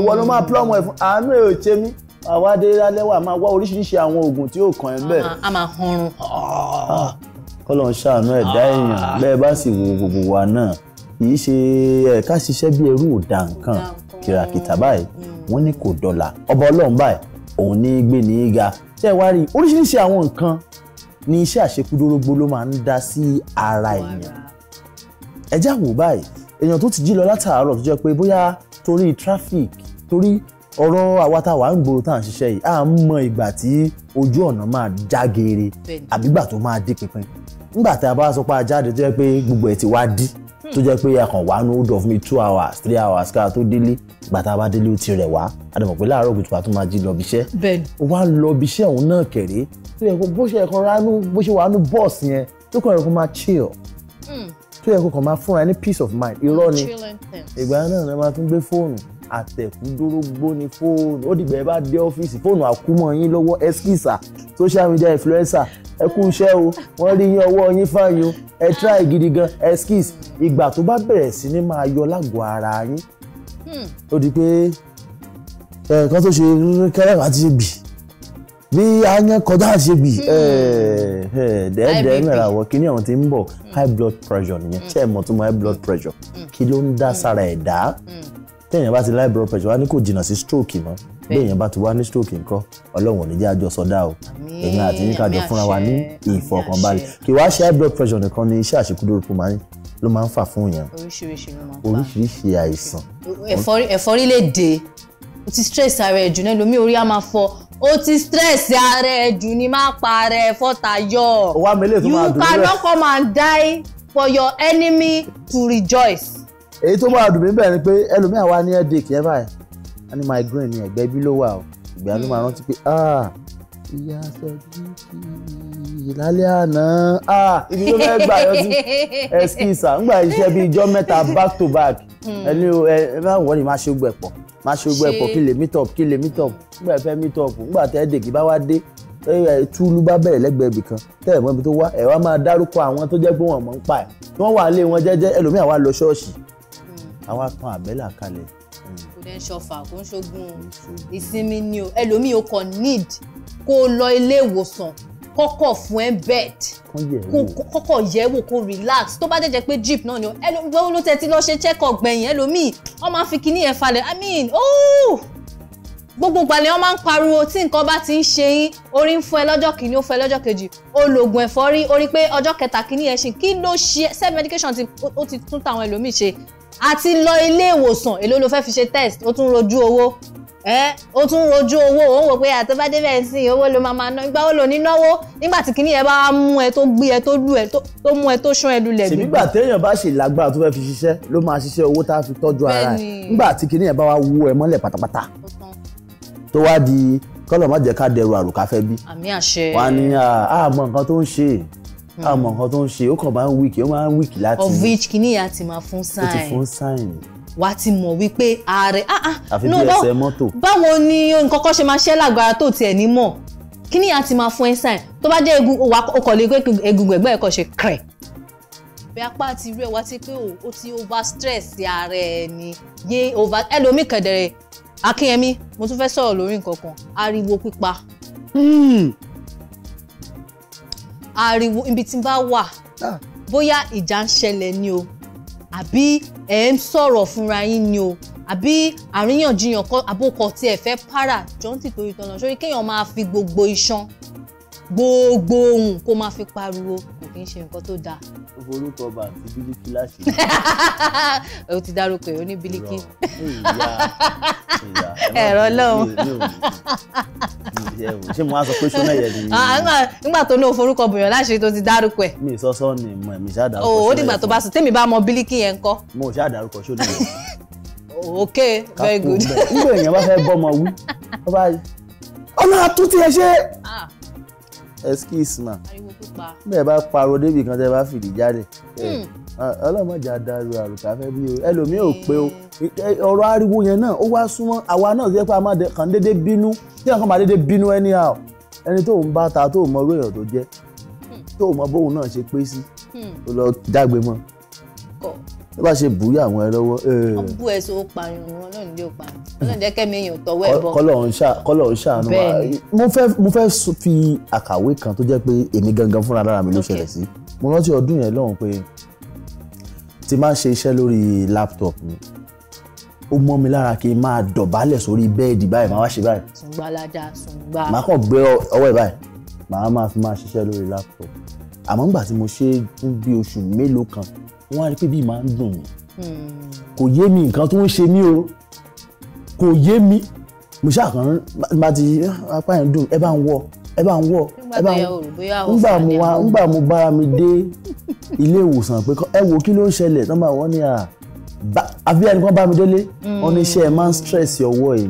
ìwọ ló máa plọ́ọ̀mù ẹ̀ fún àánú ẹ̀ ò ṣe mí àwa dé lálẹ́ wà máa wá oríṣiríṣi àwọn oògùn tí yóò kàn ẹ́ bẹ́ẹ̀. a máa hanrun. Ah, kọ́lọ̀ ń ṣàánú ẹ̀dá èèyàn ah. bẹ́ẹ̀ bá sì wo gbogbo wa náà kì í ṣe ẹ̀ka ṣiṣẹ́ bí ẹrú ò da nǹkan kìràkìtà báyìí mm. wọ́n ní kò dọ̀là ọba ọlọ́run báyìí òun ní gbé ní í ga ṣé ẹ wá rí oríṣiríṣi àwọn nǹkan ni iṣẹ́ àṣekúdórógbó ló máa ń dá sí ara èèyàn ẹ já wò báyìí èèyàn tó ti jí lọ látàárọ̀ tó jẹ́ pé bóyá torí traffic torí ọ̀rọ̀ àwa tá a wà ń gbòòrò tá à ń ṣiṣẹ́ yìí à ń mọ ìgbà tí ojú ọ̀nà máa já geere àbígbà tó máa dí pinpin nígbà tá a bá sọ pé a jáde tó jẹ́ pé gbogbo ẹ̀ ti wá dí hmm. tó jẹ́ pé akàn wà ní hold of me two hours three hours ká tó délé ìgbà tá a bá délé ó ti rẹ̀ wá a dẹ̀ mọ̀ pé láàárọ̀ kùtùkà tó máa jí lọ ibiṣẹ́ ó wá lọ ibiṣẹ́ òun náà kéré tó yẹ kó bó ṣe ẹ̀kan ránú bó ṣe wà ní bọ́ọ̀sì yẹn tó kàn yẹ kó máa chill hmm. tó yẹ kó kàn máa fúnra ní peace of mind irọ́ ni ìgbà náà ni wọ́n máa tún gbé fóònù àtẹ̀kúndórógbó ni fóònù ó dìgbà ẹ bá dé ọ́fíìsì fóònù àkúmọ̀ yín lọ́wọ́ ẹ́skìsà social media influencer ẹ kú iṣẹ́ o wọ́n rí yín ọwọ́ yín fáyín o ẹ try gidi gan ẹ́skìs ìgbà tó bá bẹ̀rẹ̀ sí ní máa yọ lágọ̀ọ́ ara yín hmm. ó di pé nǹkan tó ṣe kẹ́rẹ́ àti ṣe bì bí aáyán kọjá àti ṣe bì dẹ́ẹ̀dẹ́ẹ̀ mẹ́ra àwọn tí ń bọ̀ hmm. high blood pressure nìyẹn tí hmm. ẹ̀ mọ̀ tó mọ̀ high blood pressure kí ló ń dá sára ẹ̀dá téèyàn bá ti láì blood pressure wá ní kò jìnnà sí stroke mọ́ béèyàn bá ti wá ní stroke nǹkan ọlọ́run ò àjọ sọdá o èmi àti yín kájọ fúnra wa ní ìfọkànbalẹ̀ kí wàá ṣe high blood pressure nìkan ni iṣẹ́ àṣekúdórópó máa ń ló máa ń fà fún yẹn oríṣiríṣi àìsàn. ẹ̀fọ́rí lè dé o ti stress ara ẹ̀ jù náà lómi orí á máa fọ o ti stress ara ẹ̀ jù ni má pa ara ẹ̀ fọ́ta yọ you cannot come and die for your enemy to rejoice èyí tó máa dùn mí bẹ́ẹ̀ ni pé ẹlòmíà wá ní headache yẹn báyìí wọ́n ní migraine ní ẹ̀gbẹ́ bí ló wà o ìgbà ló máa rántí pé ah, ìyá sẹ́díkì lálẹ́ àná ah, ibi tó fẹ́ gbà yọjú ẹ̀skísà ńgbà iṣẹ́ bíi ijọ́ mẹ́ta back to back hmm. ẹni o ẹ bá wọ́n ní má ṣe gbẹ̀ pọ̀ má ṣe gbẹ̀ pọ̀ kí lè meet up kí lè meet up ńgbà ẹ fẹ́ meet up ńgbà tẹ́ ẹ̀dẹ̀kì bá wá dé túlú bá bẹ̀rẹ̀ lẹ́gbẹ̀ẹ́ ibì kan tẹ́ ẹ̀ mọ́ ibi tó wá ẹ̀ wá máa dárúkọ àwọn tó jẹ́ pé wọ́n mọ̀ ń pa ẹ̀ wọ́n wà á lé wọn jẹ́jẹ́ ẹlòmíà wá lọ ṣọ́ọ̀ṣì àwa tan àbẹ́là kalẹ̀. kò dẹ́n ṣọfà kò ń ṣogun ìsinmi ni o ẹlòmíì o kò need kó o lọ ilé ìwòsàn kọ́kọ́ fún ẹ bed kọ́kọ́ yẹ̀ wò kó relax tó bá jẹ́jẹ́ pé drip náà ni ẹlòmíì ló tẹ́tí lọ́ọ́ ṣe check up gbẹ̀yìn ẹlòmíì wọ́n máa fi kinní yẹn falẹ̀ i mean ooo gbogbo gbalẹ̀ wọn máa ń pariwo tí nǹkan bá ti ń ṣe yín orí ń fún ẹ lọ́jọ́ kìíní ó fún ẹ lọ́jọ́ kejì olóògùn ẹ̀fọ́rí orí pé ọjọ́ kẹta kìíní ẹ̀ ṣì kí ló ṣe self medication ti ó ti tún tàwọn ẹlòmíì ṣe àti lọ ilé ìwòsàn èló ló fẹ́ fi ṣe test ó tún rojú owó ẹ ó tún rojú owó ó ń wò pé àti bá débẹ̀ sí owó ló máa máa ná ìgbà ó lò ní náwó nígbà tí kinní ẹ bá mú ẹ tó gbé ẹ tó lù ẹ tó mú ẹ tó ṣán ẹ lulẹ̀ gbígbà. ṣèbígbà téèyàn bá ṣe lágbára tó fẹ́ fi ṣiṣẹ́ ló máa ṣiṣẹ́ owó tá a fi tọ́jú ara ẹ̀ nígbà tí kinní ẹ bá wá wú ẹ mọ́lẹ̀ pátápátá tó wá di kọ́lọ̀ má jẹ́ ká dẹrù àrùn ká fẹ́ bí. àmì àṣẹ. wà á ní àmọ́ nǹkan tó ń ṣe àmọ́ nǹkan tó ń ṣe ó kàn máa ń wíìkì ó máa ń wíìkì láti. of which kìíní yà ti máa fún sign. ó ti fún sign. wàá ti mọ̀ wípé ààrẹ ah ah. àfi bí ẹsẹ̀ mọ́tò. báwo ni nǹkan kan ṣe máa ṣẹ́ lágbára tó tiẹ̀ ní mọ̀ kìíní yà ti máa fún ẹ sign tó bá jẹ́ egun ọkọ̀ lè gbé egun gbẹ̀gbẹ́ ẹ̀kọ́ ṣe kẹ̀rẹ̀ bí apá ti rí ẹ wá sí pé o ti over stress ara ẹ ni yé over ẹlòmíì kẹdẹrẹ akínyẹmí mo tún fẹ́ sọ̀rọ̀ lórí nǹkan kan ariwo pípa hmm ariwo ibi tí n bá wà ah. bóyá ìjà ń ṣẹlẹ̀ ni o àbí ẹ̀ ń sọ̀rọ̀ fúnra yín ni o àbí àríyànjiyàn abókọ tí ẹ fẹ́ para jọ ń tìtorí tọ̀nà sórí kéèyàn máa fi gbogbo iṣan gbogbo ohun kó máa fi pariwo kò kí ń ṣe nǹkan tó dáa. orúkọ bá àti bílíkì láṣẹ. o ti dárúkọ ẹ̀ ó ní bílíkì. ẹ̀rọ lọ́hùn. ṣé mo wá sọ pé sọ́nà yẹn ni. Ah, nígbà tó náà forúkọ bòyàn láṣẹ tó ti dárúkọ ẹ̀. mi sọ́sọ́ ni mo ẹ̀mí ṣáà dárúkọ sọ́nà oh, yẹn. ó dìgbà tó bá sọ tèmi bá mọ bílíkì yẹn ńkọ́. mo ṣáà dárúkọ sọ́nà yẹn. ok very good. nígbà èèyàn bá fẹ́ bọ́ ọmọ wí ọlọ́run àtúntì ẹ ṣe ah excuse ma bẹ́ẹ̀ bá parọ́ débi kan tẹ́ bá fìdí jáde hmm. ọlọ́mọdé adarí àrùkà fẹ́ bí o ẹlòmíì ò pé o ọ̀rọ̀ ariwo yẹn náà ó wá súnmọ́ àwa náà jẹ́ pé a máa kàn déédé bínú tí àwọn kan máa déédé bínú anyhow ẹni tó ń bá ta tó mọ orí èèyàn tó jẹ́ hmm. tó mọ bóun náà ṣe pé sí hmm. ó lọ dágbe mọ́ tó bá ṣe bùúyà àwọn ẹ lọ́wọ́. Eh. ọbú ẹ so pààyàn ọlọ́run ní yóò pààyàn ọlọ́run jẹ́ kẹ́mi èèyàn tọwọ́ ẹ bọ̀. kọ́lọ̀ ń ṣàánú mo fẹ́ fi àkàwé kan tó jẹ́ pé èmi gangan fúnra lára mi ló ṣẹlẹ̀ sí mo rántí ọdún yẹn lọ́hùn pé ti máa ń ṣe iṣẹ́ lórí laptop mi ó mọ́ mi lára kí n máa dọ̀bálẹ̀ sórí bẹ́ẹ̀dì báyìí máa wá ṣe báyìí. sùngbà sùngbà. màá kàn gbé ọwọ́ ẹ̀ báyìí màá máa fi máa ṣiṣẹ́ lórí laptop àmọ́ ngbà tí mo ṣe fún bí oṣù mélòó kan wọ́n á rí pé bí màá ń dùn mí hmm. kò yé mi nǹkan tó ń ṣe mí o kò yé mi mo ṣàkàn bá ti apá yẹn dùn ẹ bá ń wọ ẹ bá ń wọ ẹ bá ń ngbà mo wá ngbà mo bára mi dé ilé ìwòsàn pé ẹ wo kí ló ń ṣẹlẹ̀ tán bá wọ́n ní à àbí ẹni kan bá mi délé wọ́n ní iṣẹ́ ẹ máa ń hmm. stress ọwọ́ yìí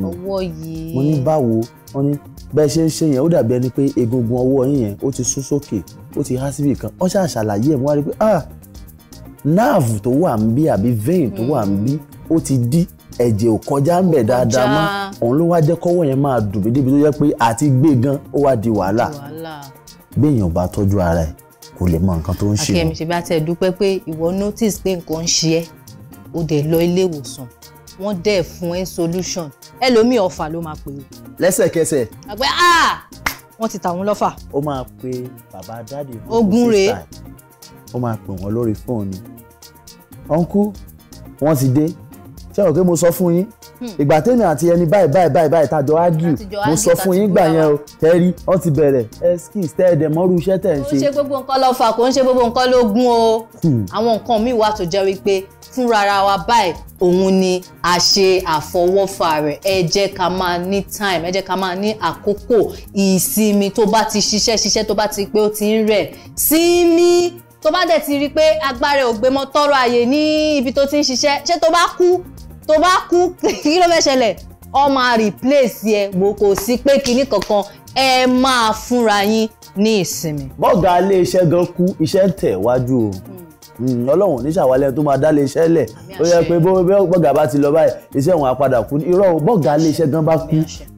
mo ní báwo wọ́n ní bẹ́ẹ̀ ṣe ń ṣe yẹn ó dàbí ẹni pé egungun ọwọ́ yín yẹn ó ti sún sókè ó ti há síbì kan wọ́n ṣàṣàlàyé ẹ̀ mo wá rí pé ah nerve tó wà ń bí àbí vein tó wà ń bí ó ti dí ẹ̀jẹ̀ ò kọjá ń bẹ̀ dáadáa mọ́ òun ló wá jẹ́ kọ́wọ́ yẹn máa dùn mí débi tó jẹ́ pé àti gbé gan ó wá di wàhálà béèyàn bá tọ́jú ara ẹ̀ kò lè mọ nǹkan tó ń ṣe akẹ́mi ṣe bá dúpẹ́ pé ìwọ notice pé nǹkan ń ṣe ẹ́ o dẹ̀ lọ ilé ìwòsàn wọ́n dẹ̀ fún ẹ solution ẹlòmíì ọ̀fà ló máa pè é. lẹ́sẹ̀kẹsẹ̀. àgbẹ̀ ah wọ́n ti tà wọ́n lọ́fà. ó máa pe bàbá dáàdì. ogun rèé ó máa pè wọ́n lórí fóònù ọ̀nkú wọ́n ti dé ṣé o pé mo sọ fún yín hmm. ìgbà tèmi àti ẹni báyìí báyìí báyìí báyìí tàjọ ágìrì mo sọ fún yín gbà yẹn o tẹ́rí wọ́n ti bẹ̀rẹ̀ ẹ́skìs tẹ́ẹ̀dẹ̀ mọ́rú iṣẹ́ tẹ̀ ń ṣe. kò ń ṣe gbogbo nǹkan ló fà kò ń ṣe gbogbo gún o hmm. àwọn nǹkan míì wà tó jẹ́ wípé fúnra wa báyìí òun ni a ṣe àfọwọ́fà rẹ̀ ẹ jẹ́ ká máa ní time ẹ jẹ́ ká máa ní àkókò ìsinmi tó bá ti ṣiṣẹ́ ṣiṣẹ́ tó bá ti pé ó ti ń rẹ̀ sinmi tó bá dẹ̀ ti rí i pé agbára ò gbé mọ́ tọrọ àyè ní ibi tó ti ń ṣiṣẹ́ ṣé tó bá kú tó bá kú kí ló fẹ́ ṣẹlẹ̀ ọ máa replace ẹ wò kò sí pé kinní kankan ẹ máa fúnra yín ní ìsinmi. bọ́ọ̀gá ilé iṣẹ́ gan kú iṣẹ́ ń tẹ̀ wájú o. Mm Mm, ọlọ́run ní ṣàwálẹ̀ tó máa dá lè iṣẹ́ lẹ̀ ó yẹ pé bọ́gà bá ti lọ báyìí iṣẹ́ òun á padà kú irọ́ bọ́gà lè iṣẹ́ gan bá kú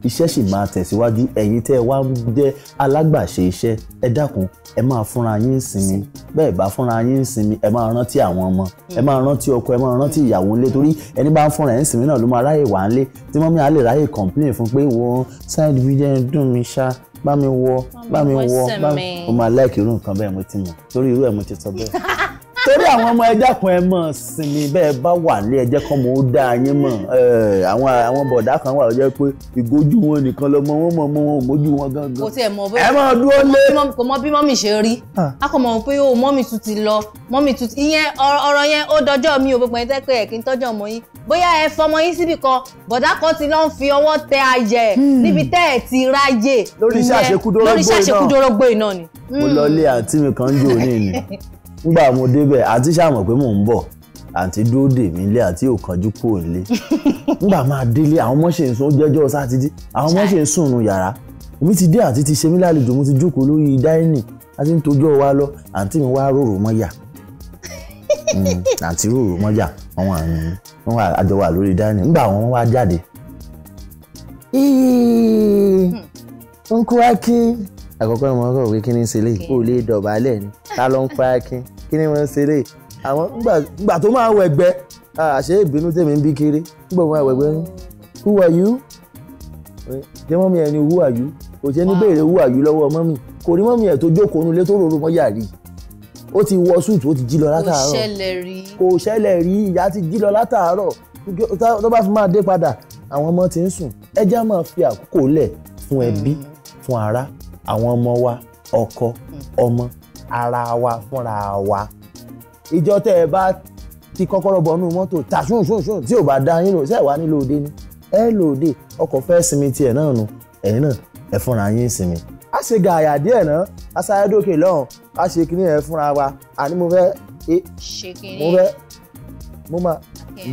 iṣẹ́ sì máa tẹ̀síwájú ẹ̀yin tẹ́ ẹ wá ń jẹ́ alágbàṣe iṣẹ́ ẹ dákun ẹ máa fúnra yín ìsinmi bẹ́ẹ̀ bá fúnra yín ìsinmi ẹ máa rántí àwọn ọmọ ẹ hmm. máa rántí ọkọ ẹ máa rántí ìyàwó ńlé torí ẹni bá ń fúnra ẹ̀ ìsinmi náà ló máa ráyè wà ńlé tí mọ́mí á lè ráyè complain fún pé wọ́n side video dùn mí ṣá bá mi wọ bá mi wọ bá mi wọ mo máa like irú bẹ́ẹ̀ mo ti mọ̀ torí irú ẹ̀ mo ti sọ bẹ́ẹ̀. torí àwọn ọmọ ẹja kan ẹ mọ̀ sinmi bẹ́ẹ̀ bá wà ní ẹjẹ́ kan mọ̀ ó dá yín mọ̀ àwọn àwọn bọ̀dá kan wà lọ́jọ́ pé ìgójú wọn nìkan lọmọ wọn mọ̀ mọ́ wọn mójú wọn gangan. kò tiẹ̀ mọ̀ bóyá ẹ máa dúró lé. kò mọ bí mọ́mì ṣe rí ah. a kò mọ̀ pé o oh, mọ́mì tún ti lọ mọ́mì tún ìyẹn ọ̀rọ̀ yẹn ó dọjọ́ mi ò gbogbo ẹ̀ tẹ́pẹ́ ẹ̀ kí n tọ́jú ọmọ yín bóyá ẹ fọmọ yín síbì kan bọ̀dá kan ti lọ́ ń fi ọwọ́ tẹ ayẹ hmm. níbi tẹ́ ẹ̀ ti ráyè lórí iṣẹ́ àṣekúdórógbó iná ni. mo lọ lé àǹtí mi kan jò ní ìní ngbà mo débẹ̀ àǹtí ṣàmọ̀ pé mò ń bọ̀ àǹtí dúró dè mí ilé àti òkànjú kò nílé ngbà máa délé àwọn ọmọ ṣe ń sùn ó jẹ́jọ́ sátidé àwọn ọmọ ń sùn nù yàrá èmi ti dé àǹtí ti ṣe mí lálejò mo ti jókòó lórí dáínì àti ń tojọ́ wa lọ àǹtí mi wá rorò mọ́yà hmm, àǹtí rorò mọ́yà àwọn àrùn wọn àjọ wà lórí dáínì ngbà àwọn wá jáde. Hmm. nkuwa kí àkọ́kọ́ ni wọ́n kọ̀ pé kí ni ṣe lè kó lè dọ̀bálẹ̀ ni ta ló ń pa akin kí ni wọ́n ṣe lè àwọn gbà tó máa wọ ẹgbẹ́ àṣẹ ìbínú tèmi ń bí kiri gbà wọn àwẹ̀gbẹ́ ni who are you jẹ́ mọ́mí ẹ ni who are you kò jẹ́ ní béèrè who are you lọ́wọ́ mọ́mí kò rí mọ́mí ẹ̀ tó jókòó nulẹ̀ tó rorò mọ́ yàrá yìí ó ti wọ súùtù ó ti jí lọ látàárọ̀ kò ṣẹlẹ̀ rí kò ṣẹlẹ̀ rí ìyá ti jí lọ látàárọ̀ tó bá fi máa dé padà àwọn ọmọ ti ń sùn ẹjẹ́ máa fi àkókò lẹ̀ fún ẹbí mm. fún ará àwọn ọmọ wa ọkọ hmm. ọmọ ara wa fúnra wa ìjọ tẹ ẹ bá ti kọ́kọ́rọ́ bọnú mọ́tò ta ṣùn ṣùn ṣùn tí ò bá dá yín lò ṣe wà nílò òde ni ẹ lò òde ọkọ̀ fẹ́ sinmi tiẹ̀ náà nu ẹ̀yin náà ẹ fúnra yín sinmi a ṣe gàyà díẹ̀ náà a sáré dókè lọ́hùn a ṣe kíní ẹ̀ fúnra wa àní mo fẹ́ e mo fẹ́ mo máa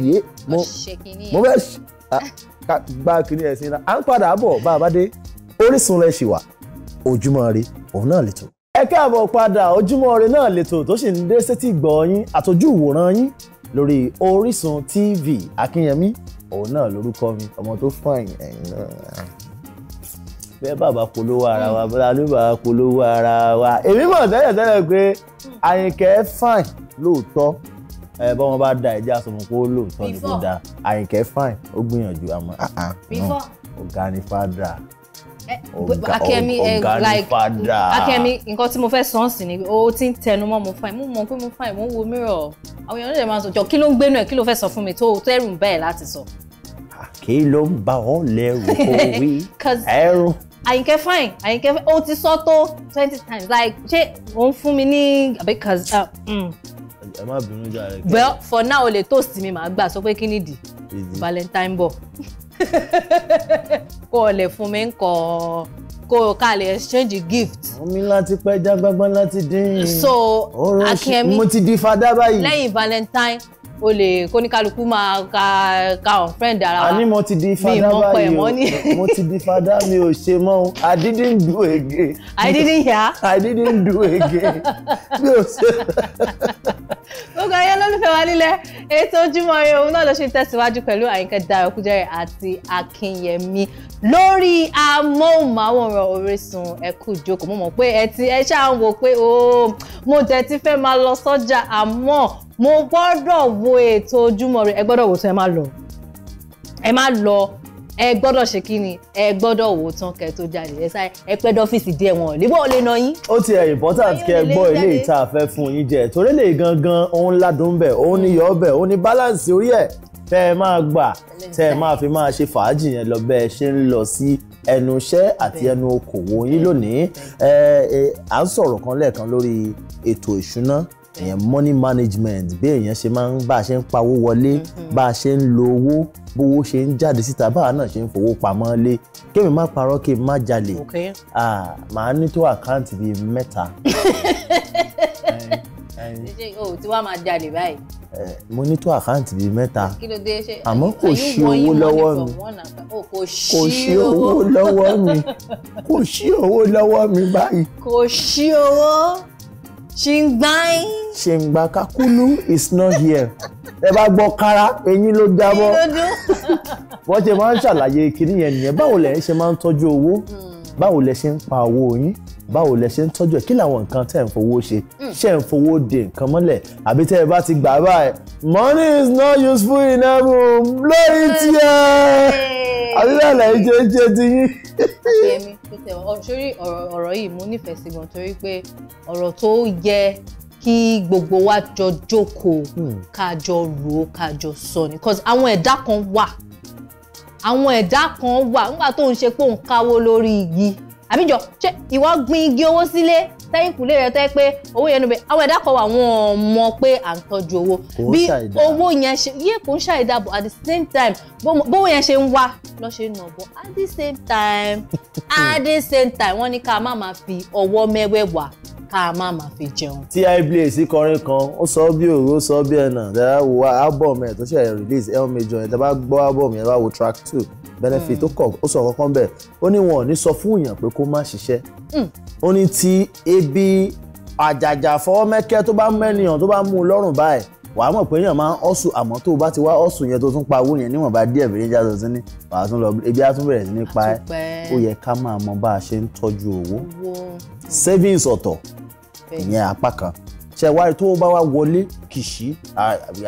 yé mo mo fẹ́ gba kíní ẹ̀ sí i à ń padà bọ̀ bá a bá dé Orísun lẹ ṣì wà ojúmọ́ ire òun náà lẹ́tọ̀. ẹ káàbọ̀ padà ojúmọ́ ire náà lẹ́tọ̀ tó sì ń dé sétí gbọ́ yín àtọ́jú ìwòran yín lórí Orísun TV Akínyẹmí òun náà lórúkọ mi ọmọ tó fàìn ẹ̀yìn náà bẹ́ẹ̀ bàbá polówó ara wa bọ́lá ló bàbá polówó ara wa èmi mọ̀ tẹ́lẹ̀ tẹ́lẹ̀ pé Àyìnkẹ́ fàìn lóòótọ́ ẹ bọ́ wọn bá da ẹ̀jẹ̀ àsomọ̀ lóòótọ́ ni kò da Àyìnkẹ́ fàìn ó gbìyànjú àmọ́ ah, ah, ọ̀gá ni fàdà akẹ́mi eh, like akẹ́mi nǹkan tí mo fẹ́ sàn sí ni o ti ń tẹnu mọ́ mo fine mo mọ̀ pé mo fine mo ń wo mirror àwọn èèyàn lè máa sọ jọ kí ló ń gbénu ẹ̀ kí ló fẹ́ sọ fún mi tó tẹ́rù ń bẹ́ẹ̀ láti sọ. kí ló ń bá ọ lẹ́rù owí ẹrù. àyìnkẹ́ fine àyìnkẹ́ fine o ti sọ tó twenty times like ṣé òun fún mi ní àbí kàzá uh, mm. ẹ má bínú jàre. well for now o lè toast mi màá gbà sọ pé kí nìdí valentine ball. kó o lè fún mi ń kọ kó o ká lè exchange gift. omi láti pẹ́ já gbọ́ngbọ́n láti dín. so akínmi mo ti di fada báyìí. lẹ́yìn valentine o lè kóníkálukú máa ka ka on friend ara wa. àní mo ti di fada báyìí o mo ti di fada mi ò ṣe mọ́ o i didn't do again. i didn't hear. i didn't do again. mi gbogbo ayé olólùfẹ́ wa nílẹ̀ ètò ojúmọ́ ire òun náà ló ṣe ń tẹ̀síwájú pẹ̀lú àyínkẹ́ Dayọ̀ Kújẹ́rẹ́ àti Akínyẹmí lórí amóhùnmáwòrán Orísun ẹ kú ìjókòó mo mọ̀ pé ẹ ti ẹ ṣáà wò pé ooo mo tẹ̀ ti fẹ́ máa lọ sọ́jà àmọ́ mo gbọ́dọ̀ wo ètò ojúmọ́ ire ẹ gbọ́dọ̀ wò sọ ẹ má lọ ẹ má lọ ẹ gbọ́dọ̀ ṣe kí ni ẹ gbọ́dọ̀ wò tán kẹ́ tó jáde ẹ sáré ẹ pẹ́ dọ́fíìsì díẹ̀ wọn níbo ò lè nà yín. ó ti ẹ̀ important kẹ́ ẹ gbọ́ ilé ìta àfẹ́ fún yín jẹ torí lè gangan òun ládùn bẹ̀ òun ní yọ̀ bẹ̀ òun ní balance orí ẹ̀ tẹ́ ẹ máa gbà tẹ́ ẹ máa fi máa ṣe fàájì yẹn lọ bẹ́ẹ̀ ṣe ń lọ sí ẹnu iṣẹ́ àti ẹnu okòwò yín lónìí à ń sọ̀rọ̀ kan lẹ́ẹ̀kan lórí ètò ìṣúná ìyẹn money management bí èèyàn ṣe máa ń bá a ṣe ń pawó wọlé mm-hmm. bá a ṣe ń lo owó bówó ṣe ń jáde síta báwa náà ṣe ń fowó pamọ́ lé kémi má parọ́ kí n má jalè màá ní tó àkáǹtì bíi mẹ́ta. o ti wá máa jalè báyìí. mo ní tó àkáǹtì bíi mẹ́ta àmọ́ kò sí owó lọ́wọ́ mi oh, kò sí owó lọ́wọ́ mi kò sí owó lọ́wọ́ mi báyìí. kò sí owó ṣìngbáín. ṣìngbà kakulu is not here ẹ bá gbọ́ kára eyín ló jábọ́ wọ́n ṣe máa ń ṣàlàyé kinní yẹn nìyẹn báwo lẹ̀ ń ṣe máa ń tọ́jú owó hmm. báwo lẹ̀ ṣe ń pa owó yín báwo lẹ̀ ṣe ń tọ́jú ẹ̀ kí làwọn nǹkan tẹ̀ ń fowó ṣe hmm. ṣe ń fowó de nǹkan mọ́lẹ̀ àbí tẹ́ ẹ bá ti gbà báyìí money is not useful in heaven lórí tiẹ̀ àbí bẹ́ẹ̀ lẹ́yìn ṣe ń ṣe ti yín sórí ọ̀rọ̀ yìí mo nífẹ̀ẹ́ sí gan torí pé ọ̀rọ̀ tó yẹ kí gbogbo wa jọ jókòó hmm. ká rò ó ká sọ ni cause àwọn ẹ̀dá kan wà àwọn ẹ̀dá kan wà nígbà tó ń ṣe pé òun káwó lórí igi àbíjọ ṣé ìwọ gbin igi owó sílé tẹ́yìnkùlé rẹ tó yẹ pé owó yẹn níbẹ̀ àwọn ẹ̀dá kan wà wọ́n mọ̀ pé à ń tọ́jú owó bí owó yẹn ṣe yé kò ń ṣàìdá bọ̀ at the same time bówó yẹn ṣe ń wá lọ́ ṣe ń nà bọ̀ at the same time at the same time wọ́n ní ká má máa fi ọwọ́ mẹ́wẹ́ wà ká má máa fi jẹun. tí iblaze kọrin kan ó sọ bí òru ó sọ bí ẹnà dára wo album ẹ tó ṣe release El Major ẹ dábàá gbọ́ album yẹn bá wo track two benefit hmm. ó kọ ó sọ kankan bẹ́ẹ̀ ó ní wọn ò ní sọ fún èèyàn pé kó má ṣiṣẹ́ hmm. ó ní tí ebi àjàjà fọwọ́ mẹ́kẹ́ tó bá mẹ́niyàn tó bá mú un lọ́rùn báyìí wàá mọ̀ pé èèyàn máa ń ọ̀sùn àmọ́ tó o bá ti wá ọ̀sùn yẹn tó tún pa owó yẹn níwọ̀nba díẹ̀ méjèèjì àtọ̀tún ní wàá tún lọ ebi á tún bẹ̀rẹ̀ sí ní pa ẹ́ ó yẹ ká máa mọ bá a ṣe ń tọ́jú owó savings ọ̀tọ̀ ìyẹn apá kan ṣe wá tó bá wá wọlé kìṣí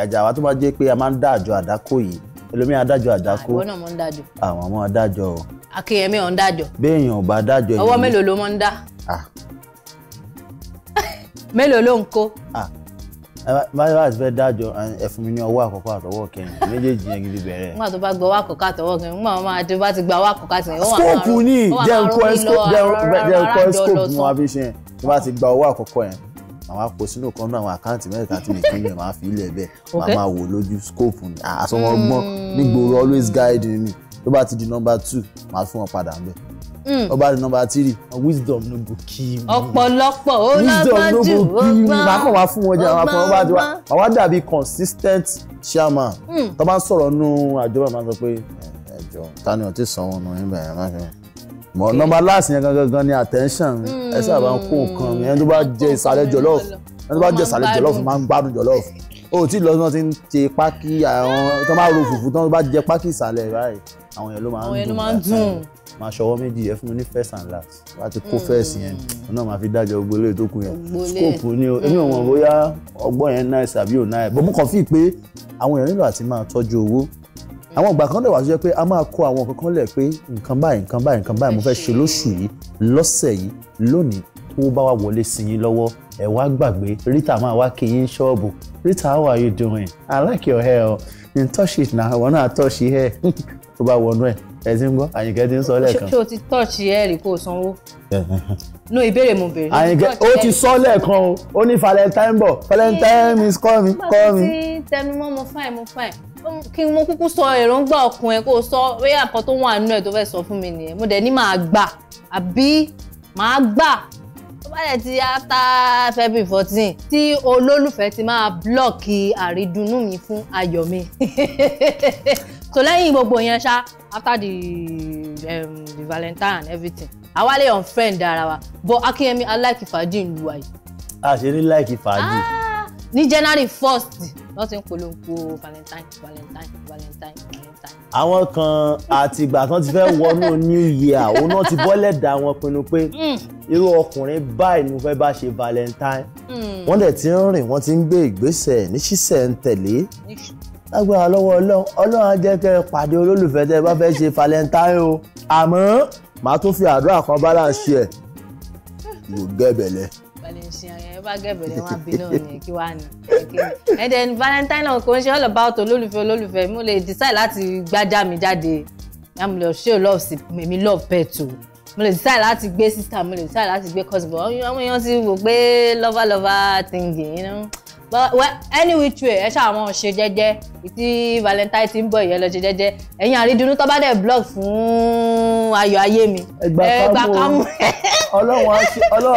àjàwá tó bá jẹ́ pé a máa ń dá àjọ àdákò yìí ẹlòmíràn adájọ́ àdákò ah, àwọn ọmọ adájọ́ àwọn ọmọ adájọ́ o. akínyẹmí ọ̀ ń dájọ́. béèyàn ò bá dájọ́ yìí. ọwọ́ mélòó ló mọ̀ ń dá. mélòó ló ń kó báyìí fẹ́ dájọ́ ẹ mi ní ọwọ́ àkọ́kọ́ àtọwọ́ kẹrin méjèèjì yẹn gidi bẹ̀rẹ̀. nígbà tó bá gba ọwọ́ àkọ́kọ́ àtọwọ́ kẹrin wọn máa dé bá ti gba ọwọ́ àkọ́kọ́ àtọwọ́ kẹrin. skóòpù ni jẹ́ nkọ́ skóòpù mu àfi ṣe yẹn tó bá ti gba ọwọ́ àkọ́kọ́ yẹn àwọn àpò sínú kan náà àwọn àkáǹtì mẹ́ta tí mi kún yẹn máa fi ilẹ̀ bẹ́ẹ̀ máa máa wò lójú skóòpù ni àsọmọgbọ́n hmm. nígboro always guide ni tó bá ti di number two máa fún wọn padà bẹ́ẹ̀. Mm. ọba di nọmba tírì wisdom no go kill me. ọ̀pọ̀lọpọ̀ ó lọ́gbọ́n jù ó gbọ́n wisdom no go kill me máa kàn wá fún wọn jẹ́ àwọn afọ ọba àdìwá àwa dàbí consistent chairman mm. tó bá ń sọ̀rọ̀ nù àjọ bàbá sọ pé ẹjọ ta ni o ti sanwó nù ibẹ̀ ẹ̀ má fi mọ nọmba láàsì yẹn gangan ni attention mm. ẹ sábà ń kó nǹkan mi ẹni tó bá jẹ ìsàlẹ̀ jọlọ́ọ̀fù ẹni tó bá jẹ ìsàlẹ̀ jọlọ́ọ̀fù máa ń gbádùn jọlọ́ọ̀fù o tí lọ sí wọn ti ń ṣe pákí àwọn tó bá ro fùfú tó bá jẹ pákí ìsàlẹ̀ báyìí àwọn yẹn ló máa ń dùn máa ṣọwọ́ méjì ẹ fún mi ní first and last wá ti kó hmm. first yẹn òun náà máa fi dájọ gbolé tó kù yẹn scope ni o èmi ò mọ̀ hmm. bóyá ọgbọ́n yẹn náà ṣàbí ò náà bọ̀ mo kàn fi pé àwọn èèyàn nílò àti máa tọ́jú owó àwọn ìgbà kan lè wá sí pé a máa kó àwọn kankan lẹ̀ pé nǹkan báyìí nǹkan báyìí nǹkan báyìí mo fẹ́ ṣe lóṣù yìí lọ́sẹ̀ yìí lónìí tó bá wà wọlé sí yín lọ́wọ́ ẹ wá gbàgbé Rita máa wá kí yín ṣọ́ọ̀bù Rita how are you doing I like your hair o you touch it na àwọn náà touch hair tó bá wọnú ẹ̀ ẹ ti ń gbọ́ àyìnkẹ́ ti ń sọ lẹ́ẹ̀kan. ṣé o ti tọ́ọ̀ṣì ẹ̀ kó o sanwó. no ìbéèrè mo béèrè. àyìnkẹ́ o ti sọ lẹ́ẹ̀kan o ó ní valentine bọ̀ valentine eh, is call me call me. mo ti tẹnu mọ́ mo fine mo fine kí n mo kúkú sọ èròǹgbà ọkùn ẹ kó o sọ bóyá nǹkan tó wà nínú ẹ tó fẹ́ sọ fún mi nìyẹn mo dẹ̀ ní màá gbà àbí màá gbà tó bá dẹ̀ ti after february fourteen tí olólùfẹ́ ti máa blọ́ọ̀kì àrídùnnú mi fún ayọ̀ mi so lẹ́yìn gbogbo yẹn ṣá after the um, the valentine and everything àwa lè unfriend ara wa but akínyẹmí aláìkí fàájì ń lu wa yìí. àṣírí láìkí fàájì. Ah, ní january first wọ́n ti ń polongo valentine valentine valentine valentine. àwọn kan àtìgbà kan ti fẹ́ wọnú new year òun náà ti bọ́lẹ̀ dá wọn pinnu pé hmm. irú ọkùnrin báyìí ni mo fẹ́ bá ṣe valentine hmm. wọ́n dẹ̀ ti ń rìn wọ́n ti ń gbé ìgbésẹ̀ ní ṣísẹ̀ ń tẹ̀lé lágbára lọ́wọ́ ọlọ́run ọlọ́run á jẹ́ kẹ́ ẹ pàdé olólùfẹ́ tẹ́ ẹ bá fẹ́ ṣe valentine o àmọ́ màá tún fi àdúrà kan balance ẹ̀ yóò gẹ̀bẹ̀lẹ̀. ẹ bá gẹ̀bẹ̀lẹ̀ wọn àbí náà ni kí wàá ní valentine náà kò ń ṣe all about olólùfẹ́ olólùfẹ́ mo lè decide láti gbájá mi jáde I'm love show love sí mi love pet o mo lè decide láti gbé sister mo lè decide láti gbé cousin but àwọn èèyàn ti wò pé lover lover thingy you know but well any which way ẹ ṣáà wọn ṣe jẹ́jẹ́ ìtí valentine ti ń bọ̀ ìyẹn lọ ṣe jẹ́jẹ́ ẹ̀yin àrídùnnú tó bá dẹ̀ blog fún ayọ̀ ayé mi ẹgbà kámú ọlọ́run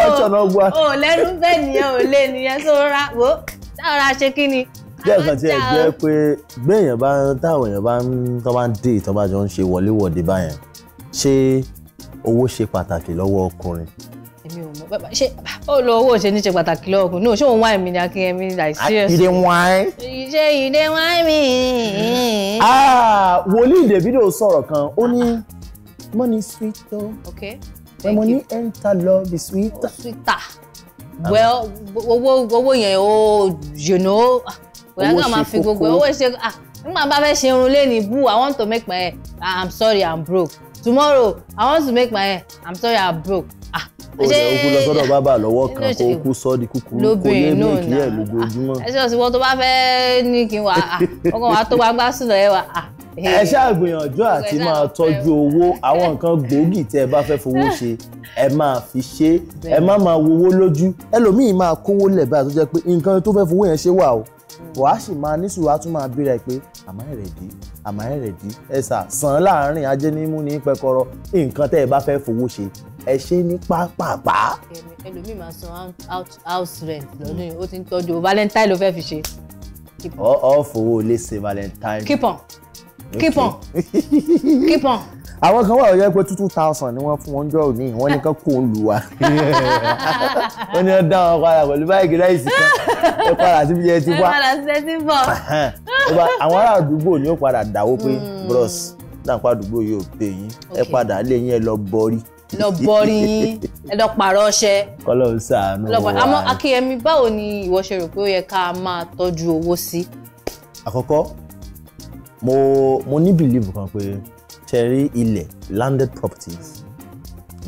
ọ̀ṣọ́nà ọgbà. o lẹ́nu bẹ́ẹ̀ nìyẹn ò lé nìyẹn sóra wo táwọn aṣe kí ni. díẹ̀ kan tí ẹ jẹ́ pé gbẹ̀yìn bá táwọn èèyàn bá ń tọ́ bá ń dé ìtọ́ bá jọ ń ṣe wọléwọ̀de báyẹn ṣé owó ṣe pàtàkì lọ́wọ́ ọkùnrin ṣe ó lọ owó ṣe ní ṣe pàtàkì lọ́ọ̀kùn náà ṣé òun wáìn mi ni akínyẹmí like ah, serious. ìdè wáìn. ṣe ìdè wáìn mi. Ah, wòlíì Davido sọ̀rọ̀ kan ó ní ah, money sweet though. okay thank money you. money enter love is sweet. Oh, sweeter. well owó owó yẹn ó oh, you know bóyá ká máa fi gbogbo owó ṣe ah nígbà bá fẹ́ ṣe irun lé ní bú i want to make my hair i'm sorry i'm broke tomorrow i want to make my hair i'm sorry i'm broke ah ó lè ó lọ́wọ́ kan kó kú sọ́ọ́dì kúkúrú kó lè mú ìkíyẹ̀ lójoojúmọ́. ẹ ṣe òsìwọ́ tó bá fẹ́ ní kí n wà ọkọ̀ wa tó gbangba sùn lọ́yẹ̀ wà ẹ ṣáà gbìyànjú àti máa tọ́jú owó àwọn nǹkan gbòógì tí ẹ bá fẹ́ fowó ṣe ẹ máa fi ṣe ẹ má máa wowó lójú ẹlòmíì máa kówó lẹ̀ báyìí tó pé nǹkan tó fẹ́ fowó yẹn ṣe wà o hmm. wàá sì máa ní sùúrù tún máa bíra ẹ pé àmọ́ ẹ̀rẹ̀ dí àmọ́ ẹ̀rẹ̀ dí ẹ sà sàn láàárín ajé nímú ní pẹkọrọ nǹkan tẹ́ ẹ bá fẹ́ fowó ṣe ẹ ṣe ní pápápá. ẹlòmíì máa san house rent lọ́dún yìí ó ti ń tọ́jú valentine ló fẹ́ fi ṣe. ọ ọ lè ṣe valentine. keep on keep on keep on. àwọn kan wà ó yẹ pé two thousand ni wọ́n fún wọn jọ òní wọ́n ní kán kó ń lù wá wọ́n ní wọ́n dá wọn padà pẹ̀lú báyìí láìsí kan ẹ padà síbi jẹ ti wá ẹ padà síbi jẹ ti bọ̀. àwọn ará àdúgbò ni ó padà dáwó pé hmm. bros náà pàdúgbò yóò pè yín ẹ padà lé yín ẹ lọ bọrí lọ bọrí yín ẹ lọ pààrọ̀ ọṣẹ. kọ́lọ̀ ń sàánú wa àmọ́ akínyẹmí báwo ni ìwọ ṣe rò pé ó yẹ ká máa tọ́jú owó sí. àkọ́kọ́ mo mo ní believe kan pé ṣe ilẹ̀ landed properties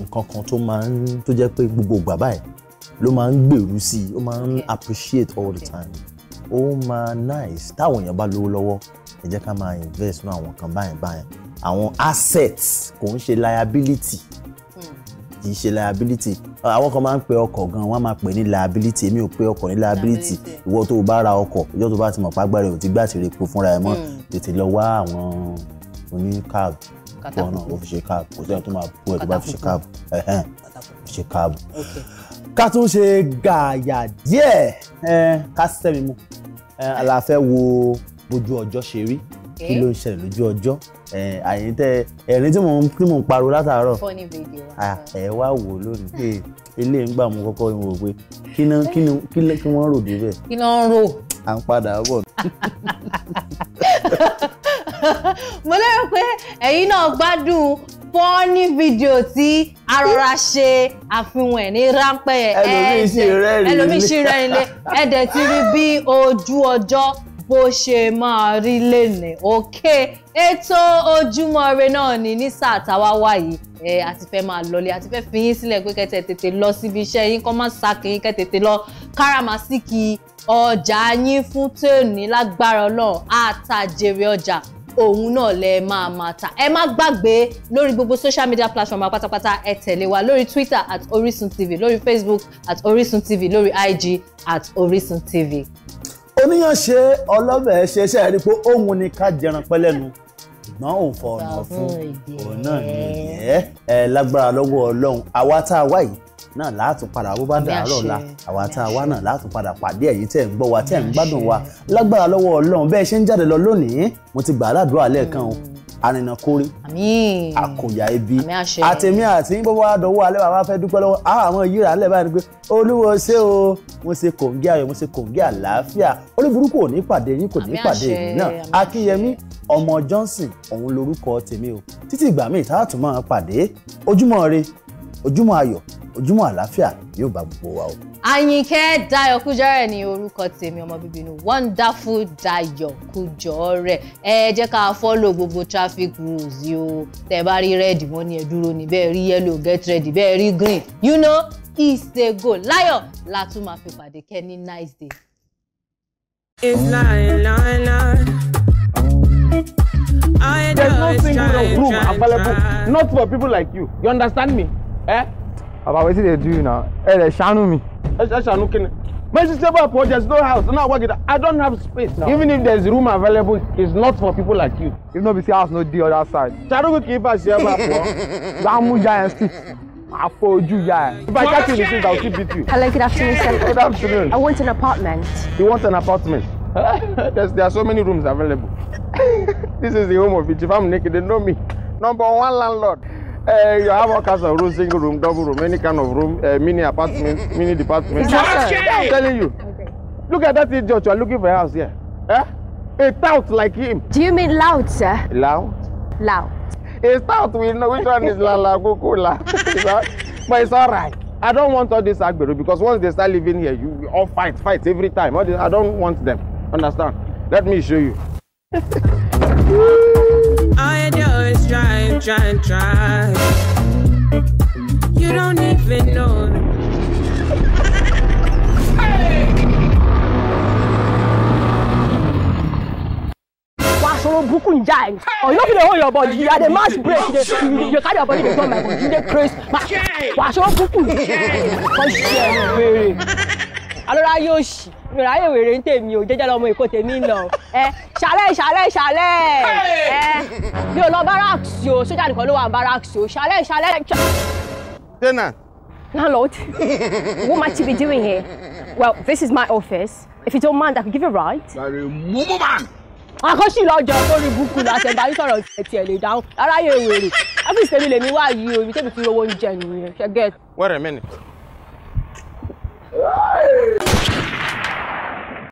nǹkan kan tó máa ń tó jẹ́ pé gbogbo ìgbà báyìí ló máa ń gbèrú sí i ó máa ń appreciate all the time ó máa nice táwọn èèyàn bá lówó lọ́wọ́ ẹ jẹ́ ká máa invest ní àwọn kan báyìí báyìí àwọn assets kò ń ṣe liability kì í ṣe liability àwọn kan máa ń pe ọkọ̀ gan wọ́n máa pè ní liability èmi ò pe ọkọ̀ ní liability ìwọ tó o bá ra ọkọ̀ ìjọ tó bá ti mọ̀ pàgbára ò ti gbà tí repo fúnra ẹ mọ́ hmm. tètè lọ wá àwọn oní cab fún ọ̀nà ó fi ṣe cab kò sẹ́yìn tó máa bú ẹ tó bá fi ṣe cab ṣe cab. ká tún ṣe gààyà díẹ̀ ká sẹ́mi mu àlàfẹ́ wo bójú ọjọ́ ṣe rí kí ló ń ṣẹlẹ̀ lójú ọjọ́ àyìn tẹ ẹ̀rín tí mò ń tí mò ń pariwo látàárọ̀ ẹ wá wò lónìí ilé ń gbà mú kọ́kọ́ ìwò pé kí ni kí ni kí wọ́n rò débẹ̀. kí ni wọ́n rò. à ń padà bọ̀. mo lérò pé ẹ̀yin náà gbádùn fọ́ọ̀nì fídíò tí arọra ṣe àfihàn ẹ̀ ní ráńpẹ́ ẹ̀ ẹlòmíì sí rẹ́rìn lé ẹ̀dẹ̀ ti rí bí ojú ọjọ́ bó ṣe máa rí lénìí òkè ètò ojúmọ́ ire náà ni ní sáà táwa wà yìí ẹ àti fẹ́ máa lọlé àti fẹ́ fi yín sílẹ̀ pé kẹ́tẹ̀ tètè lọ síbi iṣẹ́ yín kọ́ má sàkè yín kẹ́tètè lọ káràmásìkì ọjà yín fún tòní lágbára ọlọ́run àtàjèrè ọjà òun náà lẹ máa máa ta ẹ má gbàgbé lórí gbogbo social media platform pátápátá ẹ tẹ̀lé wa lórí twitter at orisun tv lórí facebook at orisun tv lórí ig at orisun tv oníyànṣe ọlọ́bẹ̀ ṣe ṣe rí i pé òun ni ká jẹran pẹ́ lẹ́nu ṣùgbọ́n òun fọ ọ̀nà fún òun náà nìyẹn ẹ lágbára lọ́wọ́ ọlọ́run àwa tá a wá yìí náà láàtún padà bó bá dàárọ̀ la àwa tá a wá náà láàtún padà pàdé ẹ̀yin tẹ̀ ń gbọ́ wa tẹ̀ ń gbádùn wa lágbára lọ́wọ́ ọlọ́run bẹ́ẹ̀ ṣe ń jáde lọ lónìí mo ti gbà á ládùúrà lẹ́ẹ̀kan o mm àrìnà kórè àkòyà ibi àtẹ̀mí àti gbogbo àdánwò alẹ́ bàbá fẹ́ dúpẹ́ lọ́wọ́ àwọn yìí rà á lẹ̀ báyìí pé olúwo ṣé o mo ṣe kòǹgẹ́ ayọ̀ mo ṣe kòǹgẹ́ àlàáfíà oníburúkú ò ní pàdé yín kò ní pàdé èmi náà akínyẹmí ọmọ johnson òun lorúkọ tèmi o títí ìgbà míì tá a tún máa pàdé ojúmọ́ ire ojúmọ́ ayọ̀ ojúmọ́ àlàáfíà yóò bá gbogbo wa o. àyìnkẹ́ dayọ̀ kújọ́rẹ̀ ni orúkọ tèmi ọmọ bíbí inú wonderful dayọ̀ kújọ́rẹ̀ ẹ jẹ́ ká fọ́lọ̀ gbogbo traffic rules yìí o tẹ́ bá rí red wọ́n ní ẹ dúró ní bẹ́ẹ̀ rí yellow get ready bẹ́ẹ̀ rí green you know it's a go láyọ̀ la tún máa fi pàdé kẹ́ ní nice day. It's lying, lying, lying. I There's no single room available, not for people like you. You understand me? Eh? About wetin dey do you now? Ẹ dey ṣàánú mi. Ẹ ṣe ṣàánú kí ni? My sister Bapo, there's no house, no work it. I don't have space now. Even if there's room available, it's not for people like you. If not, be say house no dey other side. Ṣàánú kì í bá ṣe Bapo. Gbàmú Giant Street. Afoju ya. If I catch you in the street, I'll still beat you. Hello, good afternoon, sir. Good afternoon. I want an apartment. You want an apartment? There's, there are so many rooms available. This is the home of it. If I'm naked, they know me. Number one landlord. Uh, eh, you have all kinds of rooms, single room, double room, any kind of room, uh, mini apartment, mini department. Exactly. I'm telling you. Okay. Look at that idiot. You are looking for a house here. Eh? A tout like him. Do you mean loud, sir? Loud? Loud. A tout, we know which one is la la kukula. but it's all right. I don't want all this agbero because once they start living here, you, all fight, fight every time. I don't want them. Understand? Let me show you. and try and try. You don't even know. Bukun jai. Oh, you know hold your body. You are the mass break. You, you carry your body to my body. You dey crazy. Wàá ṣọwọ́ bukun. Kọ́ ṣe ẹ̀rù wèrè. Alọ́ra yóò ṣì ráyè wèrè ń tèmi o jẹ́jẹ́ lọ́mọ èkó tèmi ń lọ ẹ ṣàlẹ̀ ṣàlẹ̀ ṣàlẹ̀ ẹ mi ò lọ barracks o sójà nìkan ló wà barracks o ṣàlẹ̀ ṣàlẹ̀. tenant. landlord what might you be doing here well this is my office if you don't mind i can give you a ride. lari mumu man. àkọ́ṣì lọ́jọ́ lórí búkú láti ẹ̀bá yìí sọ̀rọ̀ ẹ̀tì lè dáhùn ráyè wèrè ọ́fíìsì tèmi lèmi wá yìí o ibi tèmi ti rówó oúnjẹ nìyẹn ṣẹ́gẹ́t. wait a minute.